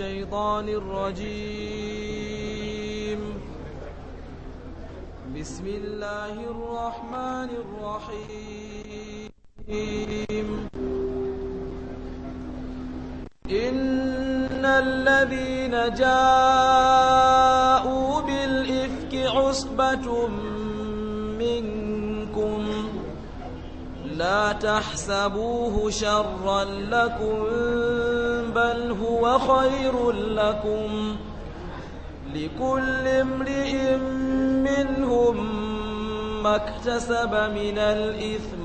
الشيطان الرجيم بسم الله الرحمن الرحيم إن الذين جاءوا بالإفك عصبة منكم لا تحسبوه شرا لكم بل هو خير لكم لكل امرئ منهم ما اكتسب من الإثم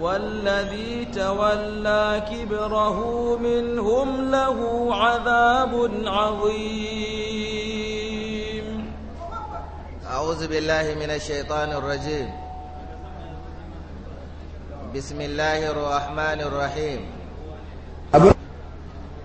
والذي تولى كبره منهم له عذاب عظيم أعوذ بالله من الشيطان الرجيم بسم الله الرحمن الرحيم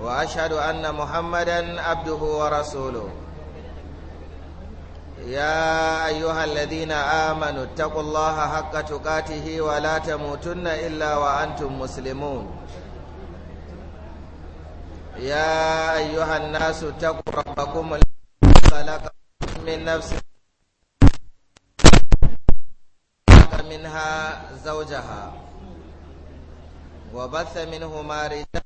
واشهد ان محمدا عبده ورسوله يا ايها الذين امنوا اتقوا الله حق تقاته ولا تموتن الا وانتم مسلمون يا ايها الناس اتقوا ربكم الذي خلقكم من نفس منها زوجها وبث منهما رجالا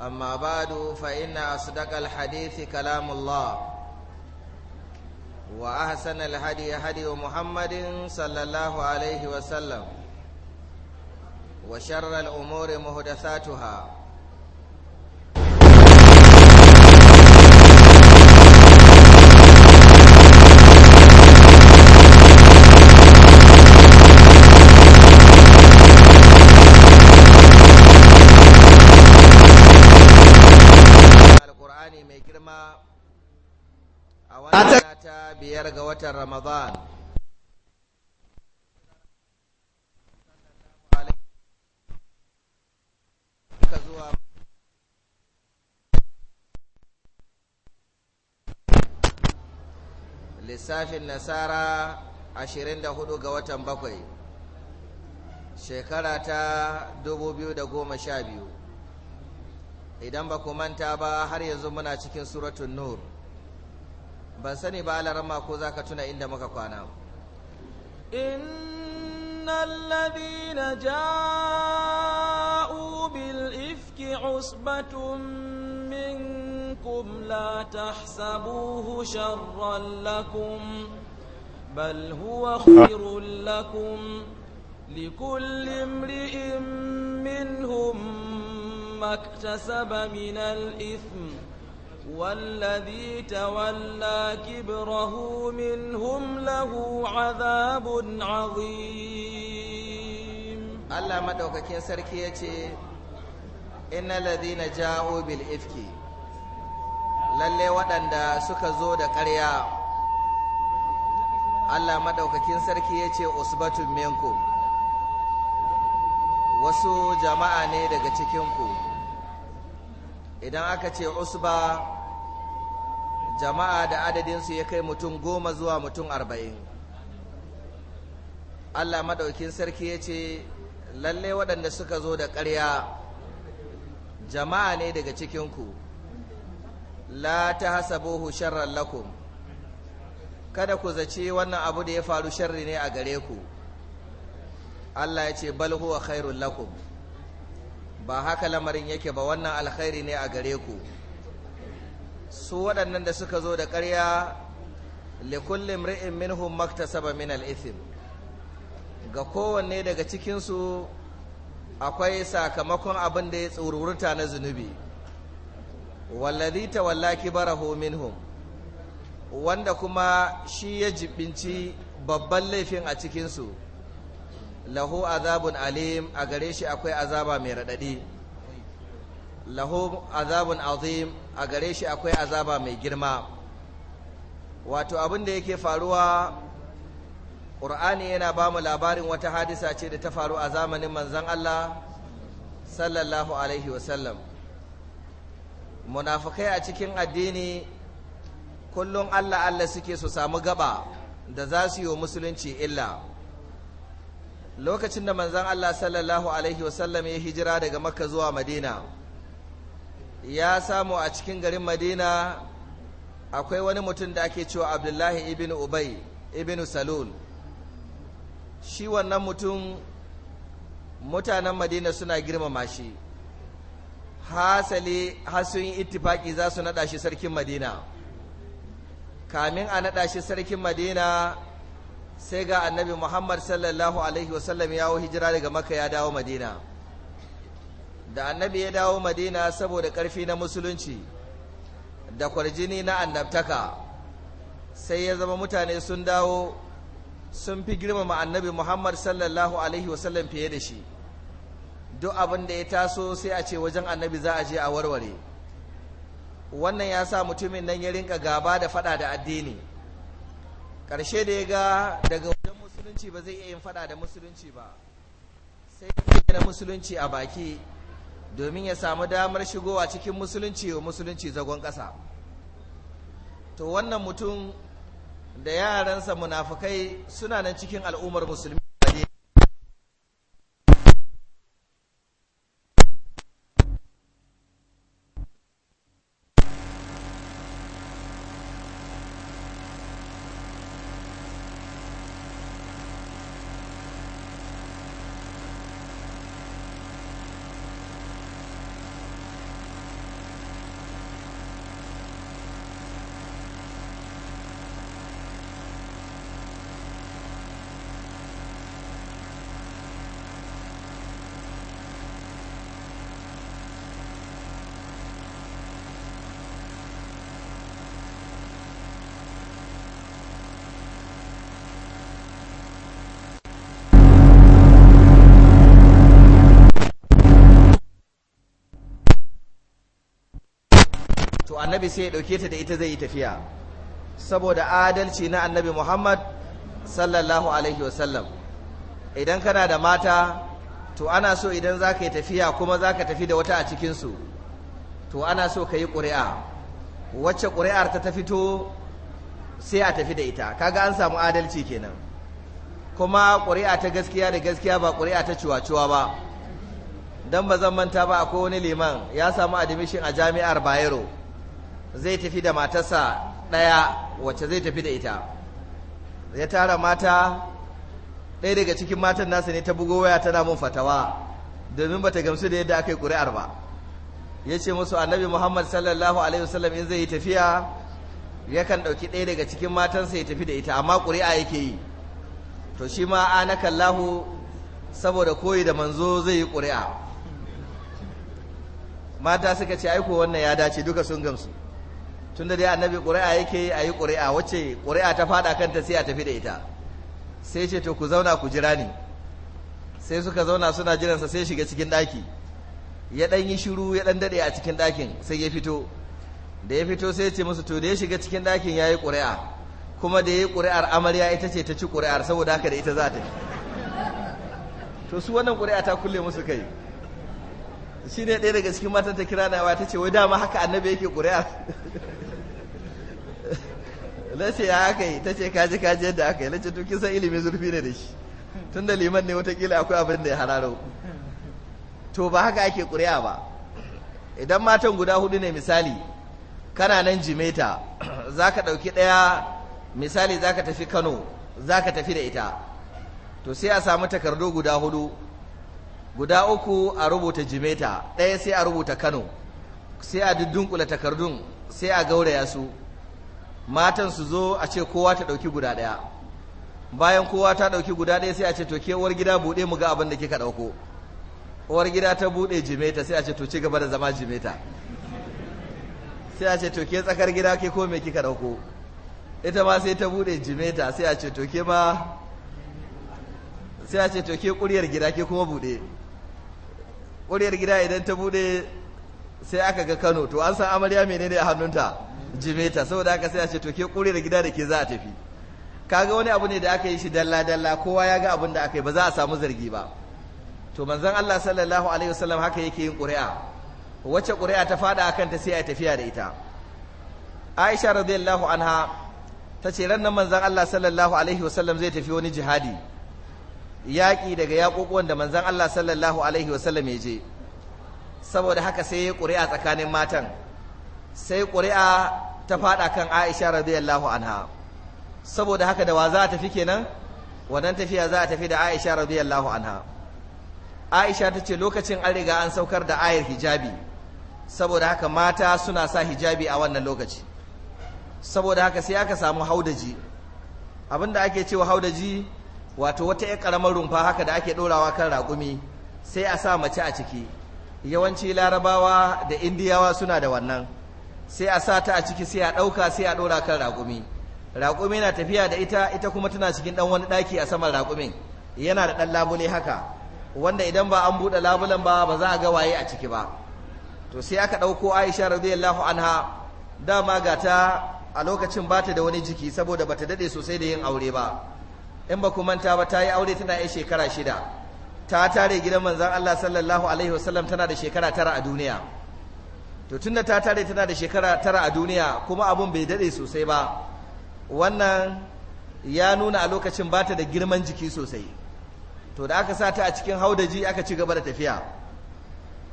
أما بعد فإن أصدق الحديث كلام الله وأحسن الهدي هدي محمد صلى الله عليه وسلم وشر الأمور مهدثاتها alkur'ani mai girma a wannan ta biyar ga watan ramadan lissafin nasara 24 ga watan bakwai shekara ta 2012 idan ba ku manta ba har yanzu muna cikin suratun nur ban sani ba alarama ko za ka tuna inda muka kwana إن الذين جاءوا بالإفك عصبة منكم لا تحسبوه شرا لكم بل هو خير لكم لكل امرئ منهم ما اكتسب من الإثم والذي تولى كبره منهم له عذاب عظيم الله مدوكاكين سركي يتي إن الذين جاءوا بالإفك lalle waɗanda suka zo da ƙarya Allah maɗaukakin sarki ya ce usbatun wasu jama'a ne daga cikinku idan aka ce usba jama'a da adadinsu ya kai mutum goma zuwa mutum arba'in allah maɗaukin sarki ya ce lalle waɗanda suka zo da ƙarya jama'a ne daga cikinku la ta hasabuhu sharran lakum kada ku zaci wannan abu da ya faru sharri ne a gare ku Allah ya ce bal khairun khairul lakum ba haka lamarin yake ba wannan alkhairi ne a gare ku su waɗannan da suka zo da ƙarya kullum ri'in minhum maktasaba min al ga kowanne daga cikinsu akwai sakamakon abin da ya tsururuta na zunubi wallazi tawalla kibarahu minhum wanda kuma shi ya jibinci babban laifin a cikinsu lahu azabun alim a gare shi akwai azaba mai raɗaɗi lahu azabun azim a gare shi akwai azaba mai girma wato abin da yake faruwa ƙur'ani yana ba mu labarin wata hadisa ce da ta faru a zamanin manzan Allah sallallahu alaihi wasallam munafukai a cikin addini kullum Allah Allah suke su samu gaba da za su yi wa musulunci illa lokacin da manzan Allah sallallahu alaihi wasallam ya hijira daga makka zuwa madina ya samu a cikin garin madina akwai wani mutum da ake cewa abdullahi ibn ubai ibn salul shi wannan mutum mutanen madina suna girmama shi hasali hasuyin ittifaki za su naɗa shi sarkin madina kamin a naɗa shi sarkin madina sai ga annabi Muhammad sallallahu alaihi wasallam ya wo hijira daga Makka ya dawo Madina da annabi ya dawo Madina saboda ƙarfi na musulunci da kwarjini na annabtaka sai ya zama mutane sun dawo sun fi girmama annabi Muhammad sallallahu alaihi wasallam fiye da shi duk abin da ya taso sai a ce wajen annabi za a je a warware wannan ya sa mutumin nan ya rinka gaba da faɗa da addini ƙarshe da ya ga daga wajen musulunci ba zai iya yin fada da musulunci ba sai ya na musulunci a baki domin ya samu damar shigowa cikin musulunci wa musulunci zagon ƙasa to wannan mutum da yaransa munafukai suna nan cikin al'ummar musulmi to annabi sai ya dauke ta da ita zai yi tafiya saboda adalci na annabi Muhammad sallallahu alaihi wasallam idan kana da mata to ana so idan za ka yi tafiya kuma za ka tafi da wata a cikinsu to ana so ka yi ƙuri'a wacce ƙuri'ar ta ta fito sai a tafi da ita kaga an samu adalci kenan kuma ƙuri'a ta gaskiya da gaskiya ba ƙuri'a ta cuwacuwa ba don ba zan manta ba akwai wani liman ya samu admission a jami'ar bayero zai tafi da matarsa ɗaya wacce zai tafi da ita ya tara mata ɗaya daga cikin matan nasa ne ta bugo waya tana mun fatawa domin bata gamsu da yadda aka yi ƙuri'ar ba ya ce musu annabi muhammad sallallahu alaihi wasallam in zai yi tafiya yakan ɗauki ɗaya daga cikin matansa ya tafi da ita amma ƙuri'a yake yi to shi ma kallahu saboda koyi da manzo zai yi ƙuri'a mata suka ce aiko wannan ya dace duka sun gamsu Tunda dai annabi ƙuri'a yake yi a yi ƙuri'a wacce ƙuri'a ta faɗa kanta sai a tafi da ita sai ce to ku zauna ku jira ni sai suka zauna suna jiransa sai shiga cikin ɗaki ya ɗan yi shiru ya ɗan daɗe a cikin ɗakin sai ya fito da ya fito sai ce musu to da ya shiga cikin ɗakin ya yi ƙuri'a kuma da ya yi ƙuri'ar amarya ita ce ta ci ƙuri'ar saboda haka da ita za ta to su wannan ƙuri'a ta kulle musu kai shi ne ɗaya daga cikin matan ta kira nawa ta ce wai dama haka annabi yake ƙuri'a na ce ya aka yi ta ce kaji kaji yadda aka yi na ce to san ilimin zurfi ne da shi tun da liman ne watakila akwai abin da ya hararo to ba haka ake ƙuri'a ba idan matan guda hudu ne misali kana nan jimeta za ka ɗauki ɗaya misali za ka tafi kano za ka tafi da ita to sai a samu takardu guda hudu guda uku a rubuta jimeta ɗaya sai a rubuta kano sai a dundunkula takardun sai a gauraya su matan su zo a ce kowa ta ɗauki guda ɗaya bayan kowa ta ɗauki guda ɗaya sai a ce to ke uwar gida buɗe mu ga abin da kika ɗauko uwar gida ta buɗe jimeta sai a ce to ci gaba da zama jimeta sai a ce to ke tsakar gida ke ko me kika ɗauko ita ma sai ta buɗe jimeta sai a ce to ke ma sai a ce to ke ƙuryar gida ke kuma buɗe ƙuryar gida idan ta bude sai aka ga kano to an san amarya menene a hannunta jimeta saboda aka sai a ce to ke ƙuryar gida da ke za a tafi kaga wani abu ne da aka yi shi dalla dalla kowa ya ga abin da aka yi ba za a samu zargi ba to manzon Allah sallallahu alaihi wasallam haka yake yin ƙuri'a wacce ƙuri'a ta fada akan ta sai a tafiya da ita Aisha radiyallahu anha ta ce ran nan manzon Allah sallallahu alaihi wasallam zai tafi wani jihadi yaƙi daga yaƙoƙuwan da manzan Allah sallallahu alaihi wasallam ya je saboda haka sai ya ƙuri'a tsakanin matan sai ƙuri'a ta faɗa kan Aisha radiyallahu anha saboda haka da wa za a tafi kenan wannan tafiya za a tafi da Aisha radiyallahu anha Aisha ta ce lokacin an riga an saukar da ayar hijabi saboda haka mata suna sa hijabi a wannan lokaci saboda haka sai aka samu haudaji abinda ake cewa haudaji wato wata ya karamar rumfa haka da ake ɗorawa kan raƙumi sai a sa mace a ciki yawanci larabawa da indiyawa suna da wannan sai a sa ta a ciki sai a ɗauka sai a ɗora kan raƙumi raƙumi na tafiya da ita ita kuma tana cikin ɗan wani ɗaki a saman raƙumin yana da ɗan labule haka wanda idan ba an buɗe labulen ba ba za a ga waye a ciki ba to sai aka ɗauko aisha radiyallahu anha dama gata a lokacin ba ta da wani jiki saboda ba ta daɗe sosai da yin aure ba in ba ku manta ba ta yi aure tana yi shekara shida ta tare gidan manzan Allah sallallahu alaihi wasallam tana da shekara tara a duniya to tunda ta tare tana da shekara tara a duniya kuma abun bai daɗe sosai ba wannan ya nuna a lokacin ba ta da girman jiki sosai to da aka sa ta a cikin haudaji aka ci gaba da tafiya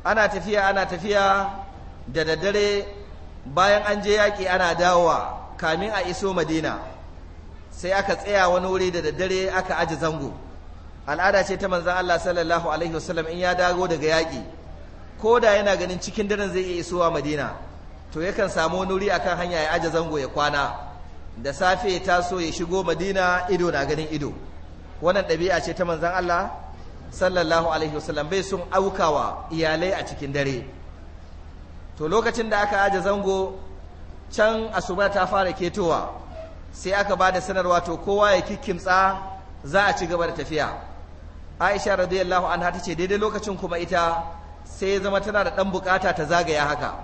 ana tafiya ana tafiya da daddare bayan an je yaƙi ana dawowa kamin a iso madina sai aka tsaya wani wuri da daddare aka aji zango al'ada ce ta manzan Allah sallallahu alaihi wasallam in ya dago daga yaki ko da yana ganin cikin daren zai iya isowa madina to yakan samu wani wuri akan hanya ya aji zango ya kwana da safe ya taso ya shigo madina ido na ganin ido wannan ɗabi'a ce ta manzan Allah sallallahu alaihi wasallam bai sun aukawa iyalai a cikin dare to lokacin da aka aje zango can asuba ta fara ketowa sai aka ba da sanarwa to kowa ya kikkimtsa za a ci gaba da tafiya aisha radiyallahu anha ta ce daidai lokacin kuma ita sai ya zama tana da ɗan bukata ta zagaya haka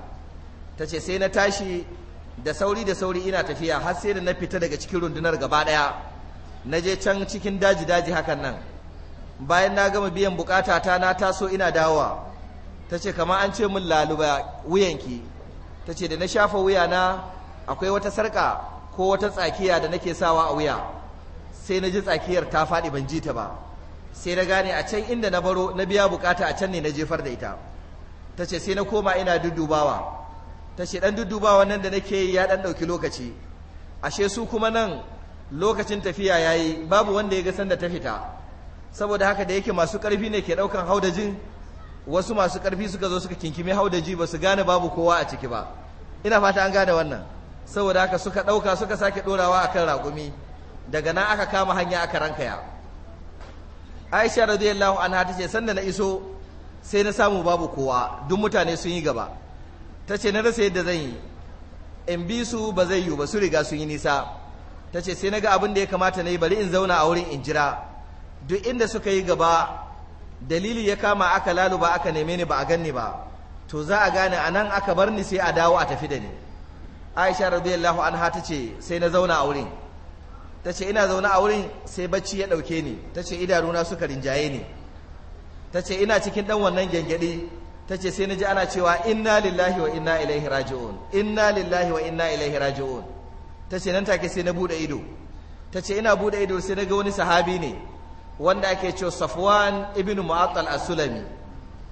ta ce sai na tashi da sauri da sauri ina tafiya har sai da na fita daga cikin rundunar gaba ɗaya na je can cikin daji daji hakan nan bayan na gama biyan bukata ta na taso ina dawowa ta ce kama an ce min laluba wuyanki ta ce da na shafa wuyana akwai wata sarƙa. ko wata tsakiya da nake sawa a wuya sai na ji tsakiyar ta faɗi ban ji ta ba sai na gane a can inda na baro na biya bukata a can ne na jefar da ita ta ce sai na koma ina duddubawa ta ce ɗan duddubawa nan da nake yi ya ɗan ɗauki lokaci ashe su kuma nan lokacin tafiya ya yi babu wanda ya ga sanda ta fita saboda haka da yake masu ƙarfi ne ke ɗaukan haudajin wasu masu ƙarfi suka zo suka kinkimi haudaji ba su gane babu kowa a ciki ba ina fata an gane wannan saboda haka suka ɗauka suka sake ɗorawa akan raƙumi daga nan aka kama hanya aka rankaya aisha radiyallahu anha ta ce sanda na iso sai na samu babu kowa duk mutane sun yi gaba ta ce na rasa yadda zan yi in bi su ba zai yiwu ba su riga sun yi nisa ta ce sai na ga abin da ya kamata na yi bari in zauna a wurin in jira duk inda suka yi gaba dalili ya kama aka laluba aka neme ni ba a ganni ba to za a gane a nan aka bar ni sai a dawo a tafi da ni aisha radiyallahu anha ta ce sai na zauna a wurin ta ce ina zaune a wurin sai bacci ya ɗauke ni ta ce idanuna suka rinjaye ni ta ce ina cikin ɗan wannan gyangyaɗi ta ce sai na ji ana cewa inna lillahi wa inna ilaihi raji'un inna lillahi wa inna ilaihi raji'un ta ce nan take sai na buɗe ido ta ce ina buɗe ido sai na ga wani sahabi ne wanda ake cewa safwan ibn mu'attal as-sulami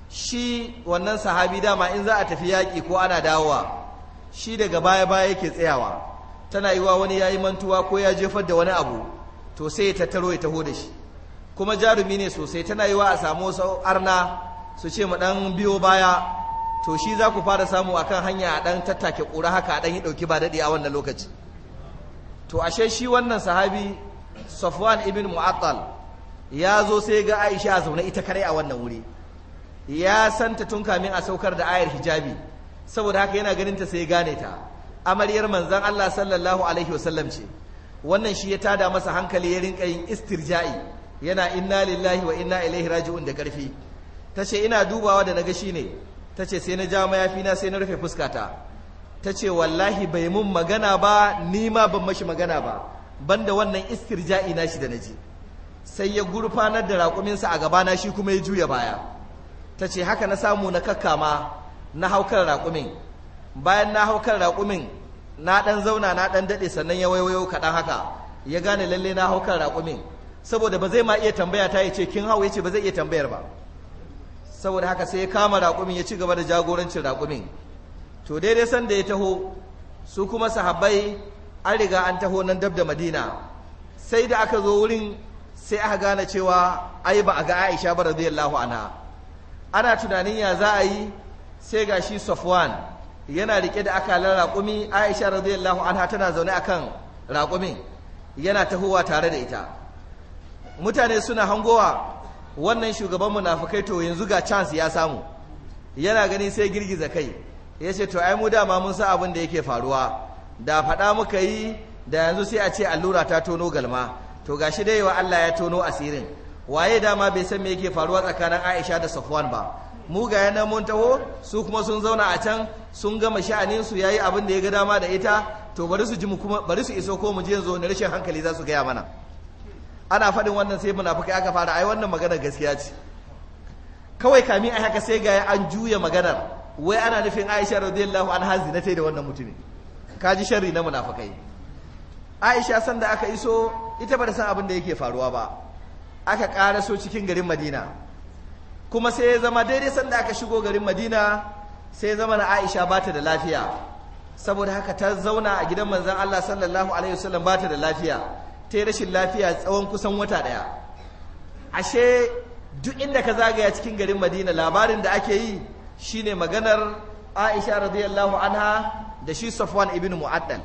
shi wannan sahabi dama in za a tafi yaki ko ana dawowa shi daga baya baya yake tsayawa tana yiwa wani ya yi mantuwa ko ya jefar da wani abu to sai ya tattaro ya taho da shi kuma jarumi ne sosai tana yiwa a samu wasu arna su ce mu ɗan biyo baya to shi za ku fara samu akan hanya a dan tattake kura haka a ɗan yi dauki ba dadi a wannan lokaci to ashe shi wannan sahabi Safwan ibn Mu'attal ya zo sai ga Aisha a zaune ita kare a wannan wuri ya santa tun kamin a saukar da ayar hijabi saboda haka yana ganin ta sai gane ta amaryar manzan Allah sallallahu alaihi wasallam ce wannan shi ya tada masa hankali ya rinka yin istirja'i yana inna lillahi wa inna ilaihi raji'un da karfi tace ina dubawa da naga shine tace sai na ja mayafi na sai na rufe fuskata tace wallahi bai mun magana ba ni ma ban mashi magana ba banda wannan istirja'i na shi da naji sai ya gurfanar da raƙuminsa a gabana shi kuma ya juya baya tace haka na samu na kakkama na haukar raƙumin bayan na haukan raƙumin na ɗan zauna na ɗan daɗe sannan ya waiwayo kaɗan haka ya gane lalle na haukar raƙumin saboda ba zai ma iya tambaya ta ya ce kin hau ya ce ba zai iya tambayar ba saboda haka sai ya kama raƙumin ya ci gaba da jagorancin raƙumin to daidai san da ya taho su kuma sahabbai an riga an taho nan dab da madina sai da aka zo wurin sai aka gane cewa ai ba a ga aisha ba radiyallahu anha ana tunanin ya za a yi sai ga shi safwan yana rike da akalan raƙumi aisha radiyallahu anha tana zaune a kan raƙumin yana tahowa tare da ita mutane suna hangowa wannan shugaban munafukai to yanzu ga chance ya samu yana gani sai girgiza kai ya ce to ai mu dama mun sa abin da yake faruwa da faɗa muka yi da yanzu sai a ce allura ta tono galma to gashi dai wa Allah ya tono asirin waye dama bai san me yake faruwa tsakanin Aisha da Safwan ba mu ga yana mun taho su kuma sun zauna a can sun gama sha'anin su yayi abin da ya ga dama da ita to bari su ji mu kuma bari su iso ko mu je yanzu ne rashin hankali za su gaya mana ana faɗin wannan sai munafukai aka fara ai wannan magana gaskiya ce kawai kami ai haka sai ga an juya maganar wai ana nufin Aisha radiyallahu anha zinatai da wannan mutumin kaji sharri na munafukai Aisha sanda aka iso ita ba da san abin da yake faruwa ba aka karaso cikin garin Madina kuma sai ya zama daidai sanda aka shigo garin madina sai ya zama na aisha ba ta da lafiya saboda haka ta zauna a gidan manzan allah sallallahu alaihi wasallam ba ta da lafiya ta yi rashin lafiya tsawon kusan wata ɗaya ashe duk inda ka zagaya cikin garin madina labarin da ake yi shine maganar aisha radiyallahu anha da shi safwan ibn mu'addal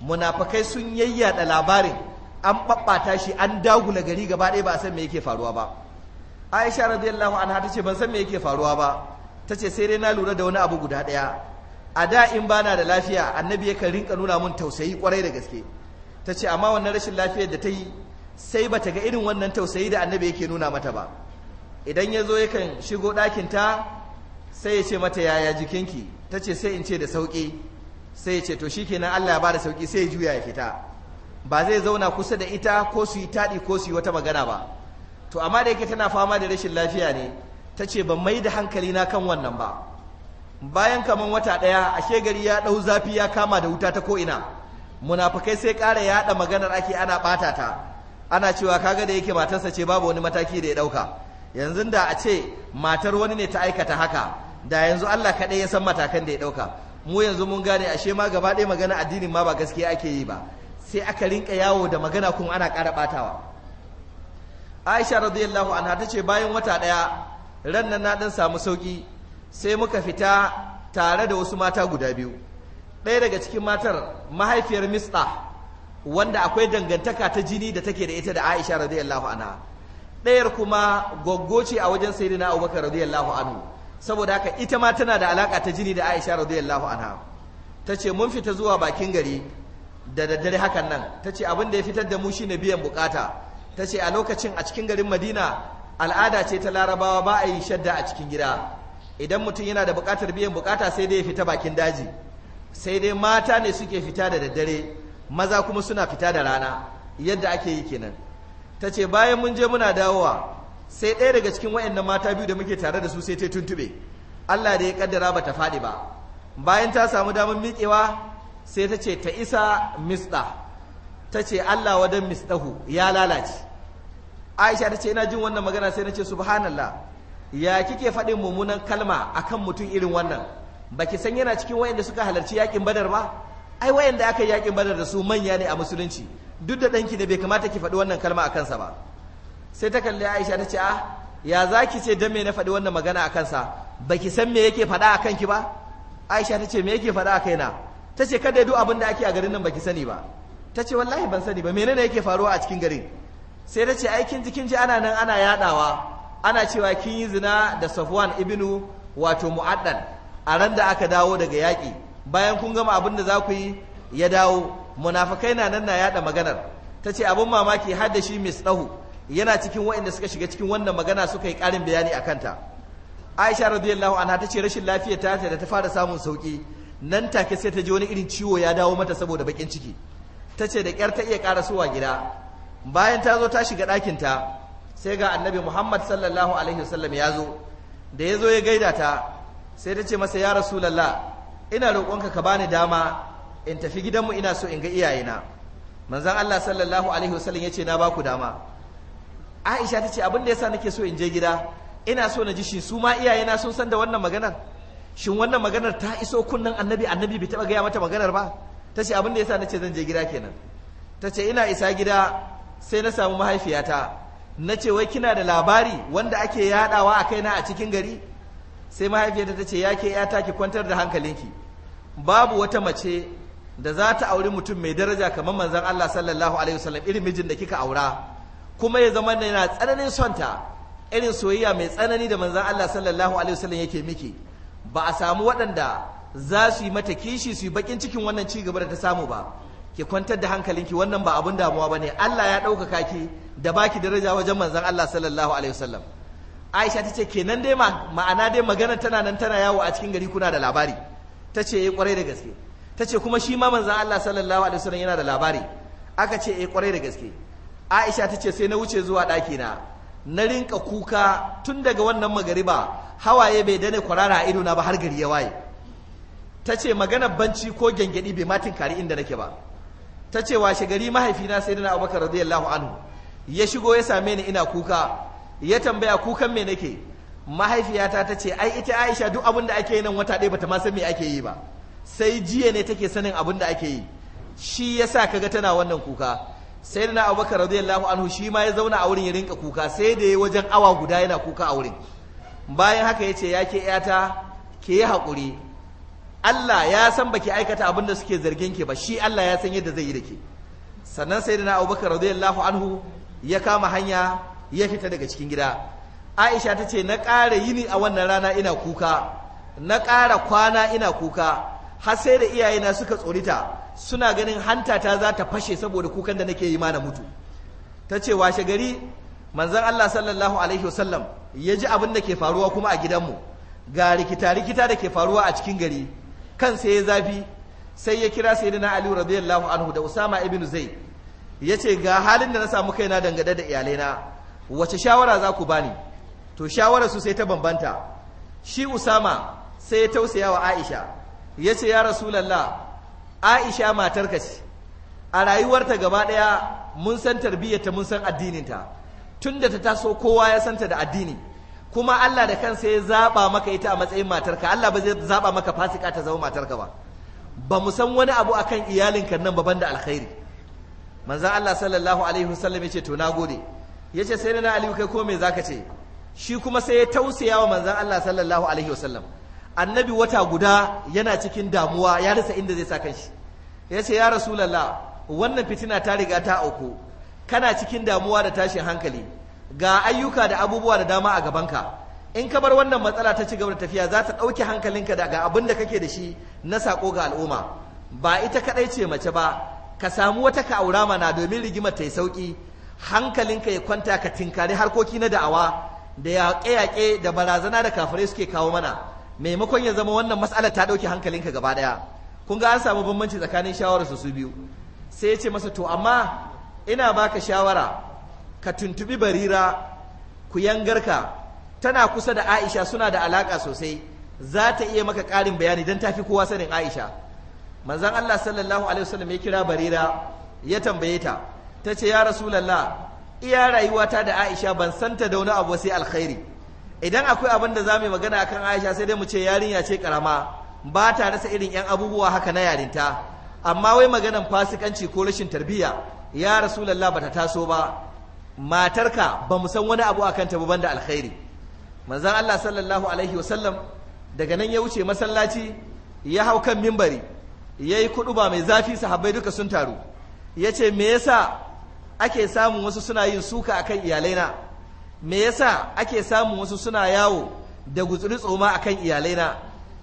munafakai sun yayyada labarin an babbata shi an dagula gari gaba ɗaya ba a san me yake faruwa ba aisha radiyallahu anha ta ce ban san me yake faruwa ba ta ce sai dai na lura da wani abu guda ɗaya a da in bana da lafiya annabi ya kan rinka nuna mun tausayi kwarai da gaske ta ce amma wannan rashin lafiyar da ta yi sai ba ta ga irin wannan tausayi da annabi yake nuna mata ba idan ya zo yakan shigo ta sai ya ce mata yaya jikinki ta ce sai in ce da sauƙi sai ya ce to shi kenan allah ya ba da sauƙi sai ya juya ya fita ba zai zauna kusa da ita ko su yi taɗi ko su yi wata magana ba to amma da yake tana fama da rashin lafiya ne ta ce ban mai da hankali na kan wannan ba bayan kaman wata ɗaya ashe gari ya ɗau zafi ya kama da wuta ta ko'ina munafukai sai ƙara yaɗa maganar ake ana ɓata ta ana cewa kaga da yake matarsa ce babu wani mataki da ya ɗauka yanzu da a ce matar wani ne ta aikata haka da yanzu Allah kaɗai ya san matakan da ya ɗauka mu yanzu mun gane ashe ma gaba ɗaya magana addinin ma ba gaskiya ake yi ba sai aka rinka yawo da magana kuma ana ƙara ɓatawa aisha radiyallahu anha ta ce bayan wata ɗaya ran nan na ɗan samu sauƙi sai muka fita tare da wasu mata guda biyu ɗaya daga cikin matar mahaifiyar mista wanda akwai dangantaka ta jini da take da ita da aisha radiyallahu anha ɗayar kuma goggo ce a wajen na abubakar radiyallahu anhu saboda haka ita ma tana da alaƙa ta jini da aisha radiyallahu anha ta ce mun fita zuwa bakin gari da daddare hakan nan ta ce abin da ya fitar da mu shine biyan bukata ta ce a lokacin a cikin garin madina al'ada ce ta larabawa ba a yi shadda a cikin gida idan mutum yana da buƙatar biyan buƙata sai dai ya fita bakin daji sai dai mata ne suke fita da daddare maza kuma suna fita da rana yadda ake yi kenan ta ce bayan mun je muna dawowa sai ɗaya daga cikin waɗannan mata biyu da muke tare da su sai ta tuntuɓe Allah da ya kaddara ba ta faɗi ba bayan ta samu damar miƙewa sai ta ce ta isa misɗa ta ce Allah wadan misɗahu ya lalace aisha ta ce ina jin wannan magana sai na ce subhanallah ya kike faɗin mummunan kalma akan mutum irin wannan baki san yana cikin wayanda suka halarci yakin badar ba ai wayanda aka yi yakin badar da su manya ne a musulunci duk da ɗanki da bai kamata ki faɗi wannan kalma a kansa ba sai ta kalli aisha ta ce ah ya za ki ce don me na faɗi wannan magana a kansa baki san me yake faɗa a kanki ba aisha ta ce me yake faɗa a kaina ta ce kada duk abin da ake a garin nan baki sani ba ta ce wallahi ban sani ba menene yake faruwa a cikin garin sai ta ce aikin jikin ji ana nan ana yadawa ana cewa kin yi zina da safwan ibnu wato mu'addan a ran da aka dawo daga yaƙi bayan kun gama abin da za ku yi ya dawo munafakai na nan na yada maganar ta ce abin mamaki har da shi miss ɗahu yana cikin waɗanda suka shiga cikin wannan magana suka yi ƙarin bayani a kanta aisha radiyallahu anha ta ce rashin lafiyar ta da ta fara samun sauki nan take sai ta ji wani irin ciwo ya dawo mata saboda bakin ciki ta ce da kyar ta iya wa gida bayan ta zo ta shiga ɗakinta sai ga annabi muhammad sallallahu alaihi wasallam ya zo da ya zo ya gaida ta sai ta ce masa ya rasulallah ina roƙonka ka bani dama in tafi gidanmu ina so in ga iyayena manzan allah sallallahu alaihi wasallam ya ce na baku dama aisha ta ce abin da yasa nake so in je gida ina so na ji shi su ma iyayena sun san da wannan maganar shin wannan maganar ta iso kunnen annabi annabi bai taɓa gaya mata maganar ba ta ce abin da yasa nace zan je gida kenan ta ce ina isa gida sai na samu mahaifiyata na ce wai kina da labari wanda ake yadawa a kaina a cikin gari sai mahaifiyata ta ce ya ke yata ki kwantar da hankalinki babu wata mace da za ta auri mutum mai daraja kamar manzon Allah sallallahu alaihi wasallam irin mijin da kika aura kuma ya zama yana tsananin sonta irin soyayya mai tsanani da manzon Allah sallallahu alaihi wasallam yake miki ba a samu waɗanda za su yi mata kishi su yi bakin cikin wannan ci gaba da ta samu ba ki kwantar da hankalinki wannan ba abun damuwa ba ne. Allah ya ɗaukaka ki da baki daraja wajen manzon Allah sallallahu alaihi wasallam Aisha tace kenan dai ma'ana dai magana tana nan tana yawo a cikin gari kuna da labari tace eh kwarai da gaske tace kuma shi ma manzan Allah sallallahu alaihi wasallam yana da labari aka ce eh kwarai da gaske Aisha tace sai na wuce zuwa ɗaki na na rinka kuka tun daga wannan magariba hawaye bai dane kwarara a ido na ba har gari ya waye tace magana banci ko gengedi bai matin kari inda nake ba ta ce washe gari mahaifina sai na abubakar radiyallahu anhu ya shigo ya same ni ina kuka ya tambaya kukan me nake mahaifiyata ta ce ai ita aisha duk abin da ake yi nan wata ɗaya bata ma san me ake yi ba sai jiya ne take sanin abin da ake yi shi ya yasa kaga tana wannan kuka sai na abubakar radiyallahu anhu shi ma ya zauna a wurin ya rinka kuka sai da ya wajen awa guda yana kuka a wurin bayan haka ya ce ya ke yata ke yi haƙuri Allah ya san baki aikata abin da suke zargin ki ba shi Allah ya san yadda zai yi da ke sannan sai da na abubakar radiyallahu anhu ya kama hanya ya fita daga cikin gida aisha ta ce na ƙara yini a wannan rana ina kuka na ƙara kwana ina kuka har sai da iyayena suka tsorita suna ganin hanta ta za ta fashe saboda kukan da nake yi ma na mutu ta ce washe gari manzon Allah sallallahu alaihi wasallam ya ji abin da ke faruwa kuma a gidanmu ga rikita rikita da ke faruwa a cikin gari kansa ya zafi sai ya kira na Ali radiyallahu anhu da Usama ibn Zaid yace ga halin da na samu kaina dangane da iyalaina wace shawara za ku bani to shawarar su sai ta bambanta shi Usama sai ya tausaya wa Aisha yace ya Rasulullah Aisha matarka ce a rayuwarta gaba ɗaya mun san tarbiyyarta mun san addininta tunda ta taso kowa ya santa da addini kuma Allah da kansa ya zaba maka ita a matsayin matarka Allah ba zai zaba maka fasika ta zama matarka ba ba mu san wani abu akan iyalinka nan ba banda alkhairi manzon Allah sallallahu alaihi wasallam yace to nagode yace sai na Aliyu kai ko me zaka ce shi kuma sai ya tausaya wa manzon Allah sallallahu alaihi wasallam annabi wata guda yana cikin damuwa ya rasa inda zai sa kanshi yace ya rasulullah wannan fitina ta riga ta auku kana cikin damuwa da tashin hankali ga ayyuka da abubuwa da dama a gabanka in ka bar wannan matsala ta ci gaba da tafiya za ta ɗauke hankalinka ga abin da kake da shi na sako ga al'umma ba ita kaɗai ce mace ba ka samu wata ka aura mana domin rigimar ta yi sauƙi hankalinka ya kwanta ka tinkari harkoki na da'awa da yaƙe-yaƙe da barazana da kafirai suke kawo mana maimakon ya zama wannan matsalar ta ɗauke hankalinka gaba ɗaya kun ga an samu bambanci tsakanin shawararsu su biyu sai ya ce masa to amma ina baka shawara ka tuntubi barira ku yangarka tana kusa da aisha suna da alaka sosai za ta iya maka ƙarin bayani don tafi kowa sanin aisha manzan allah sallallahu alaihi wasallam ya kira barira ya tambaye ta ta ce ya rasulallah iya rayuwata da aisha ban santa da wani abu sai alkhairi idan akwai abin da za mu yi magana a kan aisha sai dai mu ce yarinya ce karama ba ta rasa irin yan abubuwa haka na yarinta amma wai maganan fasikanci ko rashin tarbiyya ya rasulallah ta taso ba matarka ba mu san wani abu a ta ban da alkhairi manzon Allah sallallahu alaihi wasallam daga nan ya wuce masallaci ya hau kan mimbari yayi ba mai zafi sahabbai duka sun taru yace me yasa ake samun wasu suna yin suka akan iyalaina me yasa ake samun wasu suna yawo da gutsuri tsoma akan iyalaina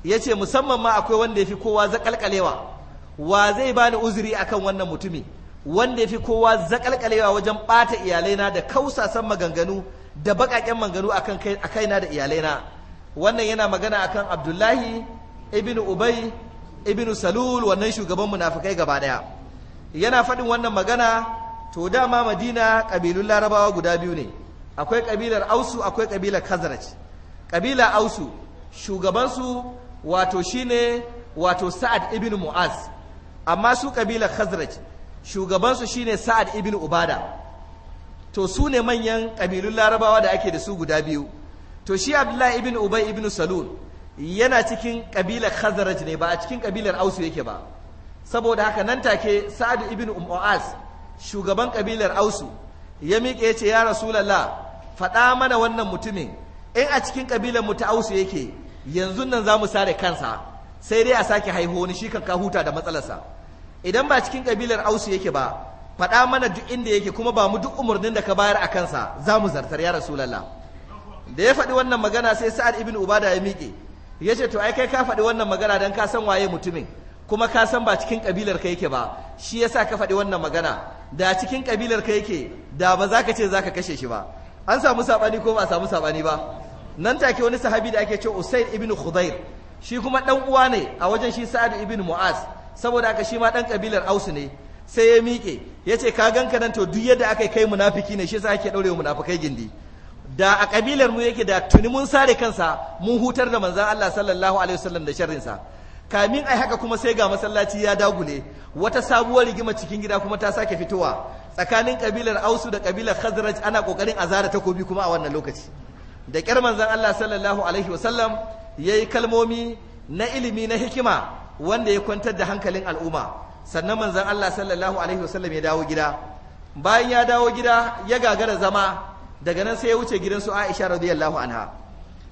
yace musamman ma akwai wanda ya fi kowa zakalkalewa wa zai bani uzuri akan wannan mutumi wanda ya fi kowa zakalkalewa wajen ɓata iyalaina da kausasan maganganu da baƙaƙen maganganu a kaina da iyalaina wannan yana magana akan abdullahi ibn ubai ibn salul wannan shugaban munafikai gaba ɗaya yana faɗin wannan magana to dama madina ƙabilun larabawa guda biyu ne akwai ƙabilar ausu akwai ƙabilar Kazaraj. ƙabila ausu shugabansu wato shine wato sa'ad ibn mu'az amma su ƙabilar Kazaraj. shugabansu shine sa'ad ibn ubada to su ne manyan ƙabilun larabawa da ake da su guda biyu to shi abdullahi ibn ubay ibn salun yana cikin ƙabilar khazaraj ne ba a cikin ƙabilar ausu yake ba saboda haka nan take sa'ad ibn mu'az shugaban ƙabilar ausu ya miƙe ya ce ya lalla faɗa mana wannan mutumin in a cikin ƙabilar mu ta ausu yake yanzu nan za mu sare kansa sai dai a sake haihuwa ni shi kan ka huta da matsalarsa idan ba cikin kabilar ausu yake ba faɗa mana duk inda yake kuma ba mu duk umarnin da ka bayar a kansa za mu zartar ya rasu lalla da ya faɗi wannan magana sai sa'ad ibn ubada ya miƙe ya ce to ai kai ka faɗi wannan magana don ka san waye mutumin kuma ka san ba cikin kabilar ka yake ba shi yasa ka faɗi wannan magana da cikin kabilar ka yake da ba za ka ce za ka kashe shi ba an samu saɓani ko ba a samu saɓani ba nan take wani sahabi da ake ce usaid ibn khudair shi kuma ɗan uwa ne a wajen shi sa'ad ibn mu'az saboda aka shi ma ɗan kabilar ausu ne sai ya miƙe ya ce ka ganka nan to duk yadda aka kai munafiki ne shi sa ake ɗaure munafikai gindi da a ƙabilar mu yake da tuni mun sare kansa mun hutar da manzan Allah sallallahu alaihi wasallam da sharrin sa kamin ai haka kuma sai ga masallaci ya dagule wata sabuwar rigima cikin gida kuma ta sake fitowa tsakanin ƙabilar Ausu da ƙabilar Khazraj ana kokarin azara takobi kuma a wannan lokaci da ƙyar manzan Allah sallallahu alaihi wasallam ya yi kalmomi na ilimi na hikima wanda ya kwantar da hankalin al'umma sannan manzon Allah sallallahu alaihi wasallam ya dawo gida bayan ya dawo gida ya gagara zama daga nan sai ya wuce gidan su Aisha radiyallahu anha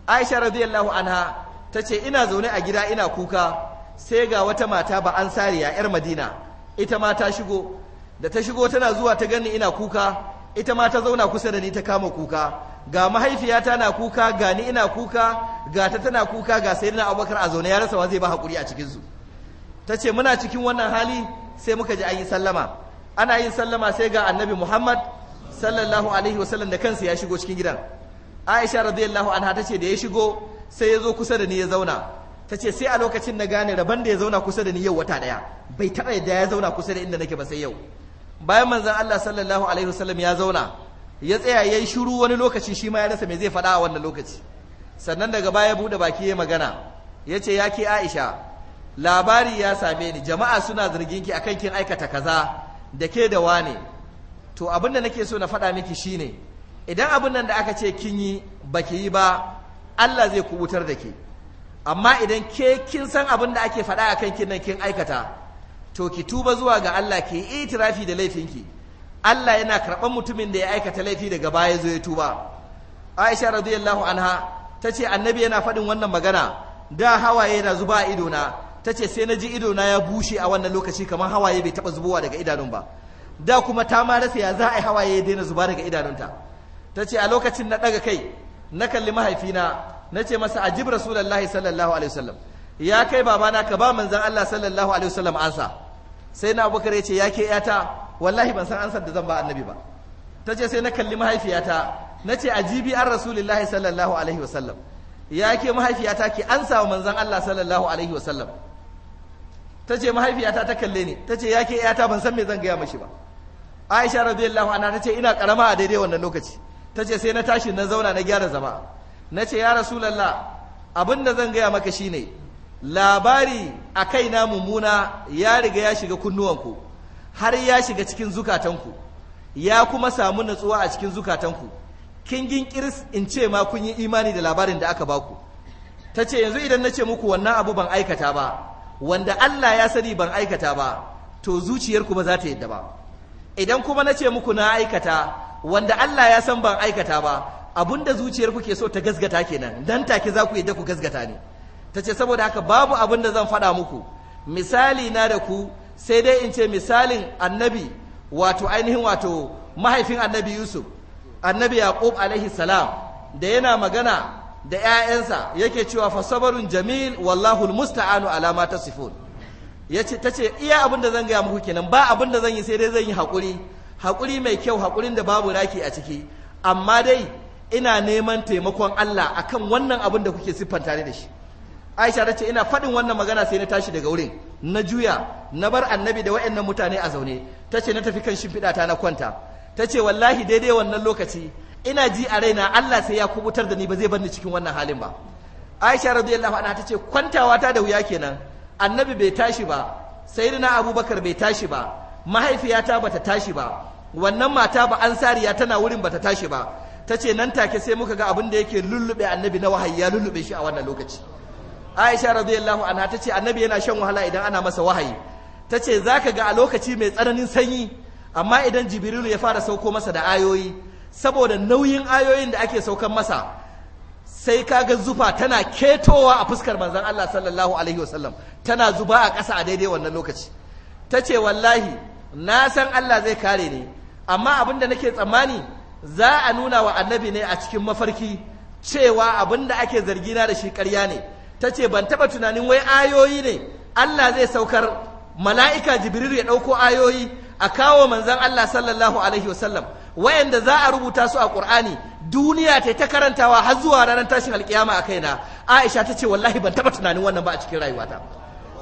Aisha radiyallahu anha ta ce ina zaune a gida ina kuka sai ga wata mata ba an a yar Madina ita ma ta shigo da ta shigo tana zuwa ta gani ina kuka ita ma ta zauna kusa da ni ta kama kuka ga mahaifiyata na kuka ga ni ina kuka ga ta tana kuka ga na abubakar a zaune ya rasa wa zai ba hakuri a cikinsu? Ta ce muna cikin wannan hali sai muka ji an yi sallama ana yin sallama sai ga annabi muhammad sallallahu alaihi wasallam da kansa ya shigo cikin gidan aisha radiyallahu anha ce da ya shigo sai ya zo kusa da ni ya zauna Ta ce sai a lokacin na gane rabon da ya zauna kusa da ni yau wata daya bai taɓa yadda ya zauna kusa da inda nake ba sai yau bayan manzon Allah sallallahu alaihi wasallam ya zauna ya tsaya ya yi shiru wani lokaci shi ma ya rasa me zai faɗa a wannan lokaci sannan daga baya buɗe baki ya magana ya ce ya ke aisha labari ya same ni jama'a suna zargin ki akan kin aikata kaza da ke da wane to abin da nake so na faɗa miki shine idan abin nan da aka ce kin yi baki yi ba Allah zai kubutar da ke amma idan ke kin san abin da ake faɗa akan kin nan kin aikata to ki tuba zuwa ga Allah ki itirafi da laifinki Allah yana karɓar mutumin da ya aikata laifi daga baya zo ya tuba Aisha radiyallahu anha tace annabi yana faɗin wannan magana da hawaye na zuba a idona tace sai na ji idona ya bushe a wannan lokaci kamar hawaye bai taɓa zubowa daga idanun ba da kuma ta ma rasa ya za a yi hawaye ya daina zuba daga idanunta ce a lokacin na ɗaga kai na kalli mahaifina na ce masa ajib rasulullahi sallallahu alaihi wasallam ya kai babana ka ba manzon Allah sallallahu alaihi wasallam ansa sai na abubakar ya ce ya ke yata wallahi ban san ansar da zan ba annabi ba ta ce sai na kalli mahaifiyata na ce ajibi an rasulillahi sallallahu alaihi wasallam ya ke mahaifiyata ki ansa wa manzan Allah sallallahu alaihi wasallam ta ce mahaifiyata ta kalle ni ta ce ya ke yata ban san me zan gaya mashi ba aisha radiyallahu anha ta ce ina karama a daidai wannan lokaci ta ce sai na tashi na zauna na gyara zama na ce ya rasulallah abin da zan gaya maka shine labari a kaina mummuna ya riga ya shiga kunnuwanku har ya shiga cikin zukatanku ya kuma samu natsuwa a cikin zukatanku kin gin kiris in ce ma kun yi imani da labarin da aka baku ta ce yanzu idan na ce muku wannan abu ban aikata ba wanda Allah ya sani ban aikata ba to zuciyarku ba za ta yadda ba idan kuma na ce muku na aikata wanda Allah ya san ban aikata ba abinda zuciyarku ke so ta gazgata kenan dan take za ku yadda ku gasgata ne ta ce saboda haka babu abin da zan faɗa muku misali na da ku sai dai in ce misalin annabi wato ainihin wato mahaifin annabi yusuf annabi yaqub alaihi salam da yana magana da 'ya'yansa yake cewa fa jamil wallahu ta sifon ya ce ta ce iya abin da zan gaya muku kenan ba abin da zan yi sai dai zan yi haƙuri haƙuri mai kyau haƙurin da babu raki a ciki amma dai ina neman taimakon Allah akan wannan abin da kuke siffanta da shi aisha ta ce ina faɗin wannan magana sai na tashi daga wurin na juya na bar annabi da waɗannan mutane a zaune ta ce na tafi kan shimfiɗa ta na kwanta ta ce wallahi daidai wannan lokaci ina ji a raina Allah sai ya kubutar da ni ba zai bar ni cikin wannan halin ba aisha radiyallahu anha ta ce kwantawa ta da wuya kenan annabi bai tashi ba sayyidina abubakar bai tashi ba mahaifiyata bata tashi ba wannan mata ba ansariya tana wurin bata tashi ba ta ce nan take sai muka ga abin da yake lullube annabi na wahayi ya lullube shi a wannan lokaci Aisha radiyallahu anha tace annabi yana shan wahala idan ana masa wahayi tace zaka ga a lokaci mai tsananin sanyi amma idan Jibrilu ya fara sauko masa da ayoyi saboda nauyin ayoyin da ake saukan masa sai kaga zufa tana ketowa a fuskar manzon Allah sallallahu alaihi wasallam tana zuba a ƙasa a daidai wannan lokaci tace wallahi na san Allah zai kare ni amma abin da nake tsammani za a nuna wa annabi ne a cikin mafarki cewa abin da ake zargina da shi ƙarya ne ta ce ban taɓa tunanin wai ayoyi ne Allah zai saukar mala'ika jibril ya ɗauko ayoyi a kawo manzan Allah sallallahu alaihi wasallam wayanda za a rubuta su a Qur'ani duniya ta ta karantawa har zuwa ranar tashin alkiyama a kaina Aisha ta ce wallahi ban taɓa tunanin wannan ba a cikin rayuwata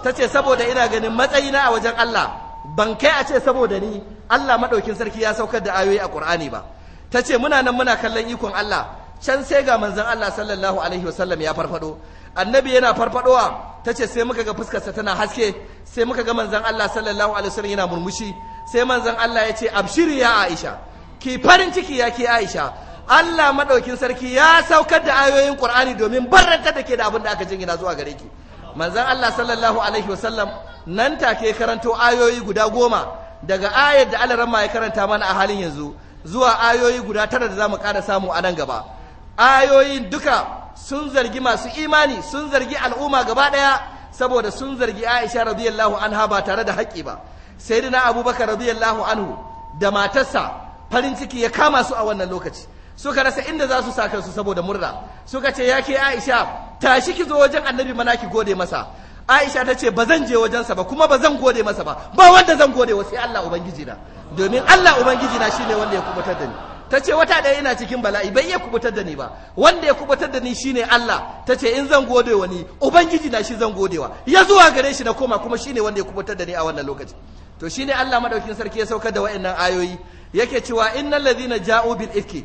ta ce saboda ina ganin matsayina a wajen Allah ban kai a ce saboda ni Allah maɗaukin sarki ya saukar da ayoyi a Qur'ani ba ta ce muna nan muna kallon ikon Allah can sai ga manzan Allah sallallahu alaihi wasallam ya farfado annabi yana farfadowa ta ce sai muka ga fuskarsa tana haske sai muka ga manzan Allah sallallahu alaihi wasallam yana murmushi sai manzan Allah ya ce abshiri ya Aisha ki farin ciki ya ke Aisha Allah madaukin sarki ya saukar da ayoyin Qur'ani domin barranta da ke da abin da aka jingina zuwa gare ki manzan Allah sallallahu alaihi wasallam nan take karanto ayoyi guda goma daga ayar da Allah ya karanta mana a halin yanzu zuwa ayoyi guda tara da zamu ƙara samu a nan gaba ayoyin duka sun zargi masu imani sun zargi al'umma gaba ɗaya saboda sun zargi aisha radiyallahu anha ba tare da haƙƙi ba Sai sayyidina abubakar radiyallahu anhu da matarsa farin ciki ya kama su a wannan lokaci suka rasa inda za su saka su saboda murna suka ce ya ke aisha tashi ki zo wajen annabi mana ki gode masa aisha ta ce ba zan je wajensa ba kuma ba zan gode masa ba ba wanda zan gode wa sai allah ubangijina na domin allah ubangijina shine wanda ya kubutar da ni ta ce wata ɗaya ina cikin bala'i bai iya kubutar da ni ba wanda ya kubutar da ni shine Allah ta ce in zan gode wani ubangiji na shi zan godewa ya zuwa gare shi na koma kuma shine wanda ya kubutar da ni a wannan lokaci to shine Allah madaukin sarki ya saukar da wa'annan ayoyi yake cewa innal ladhina ja'u bil ifki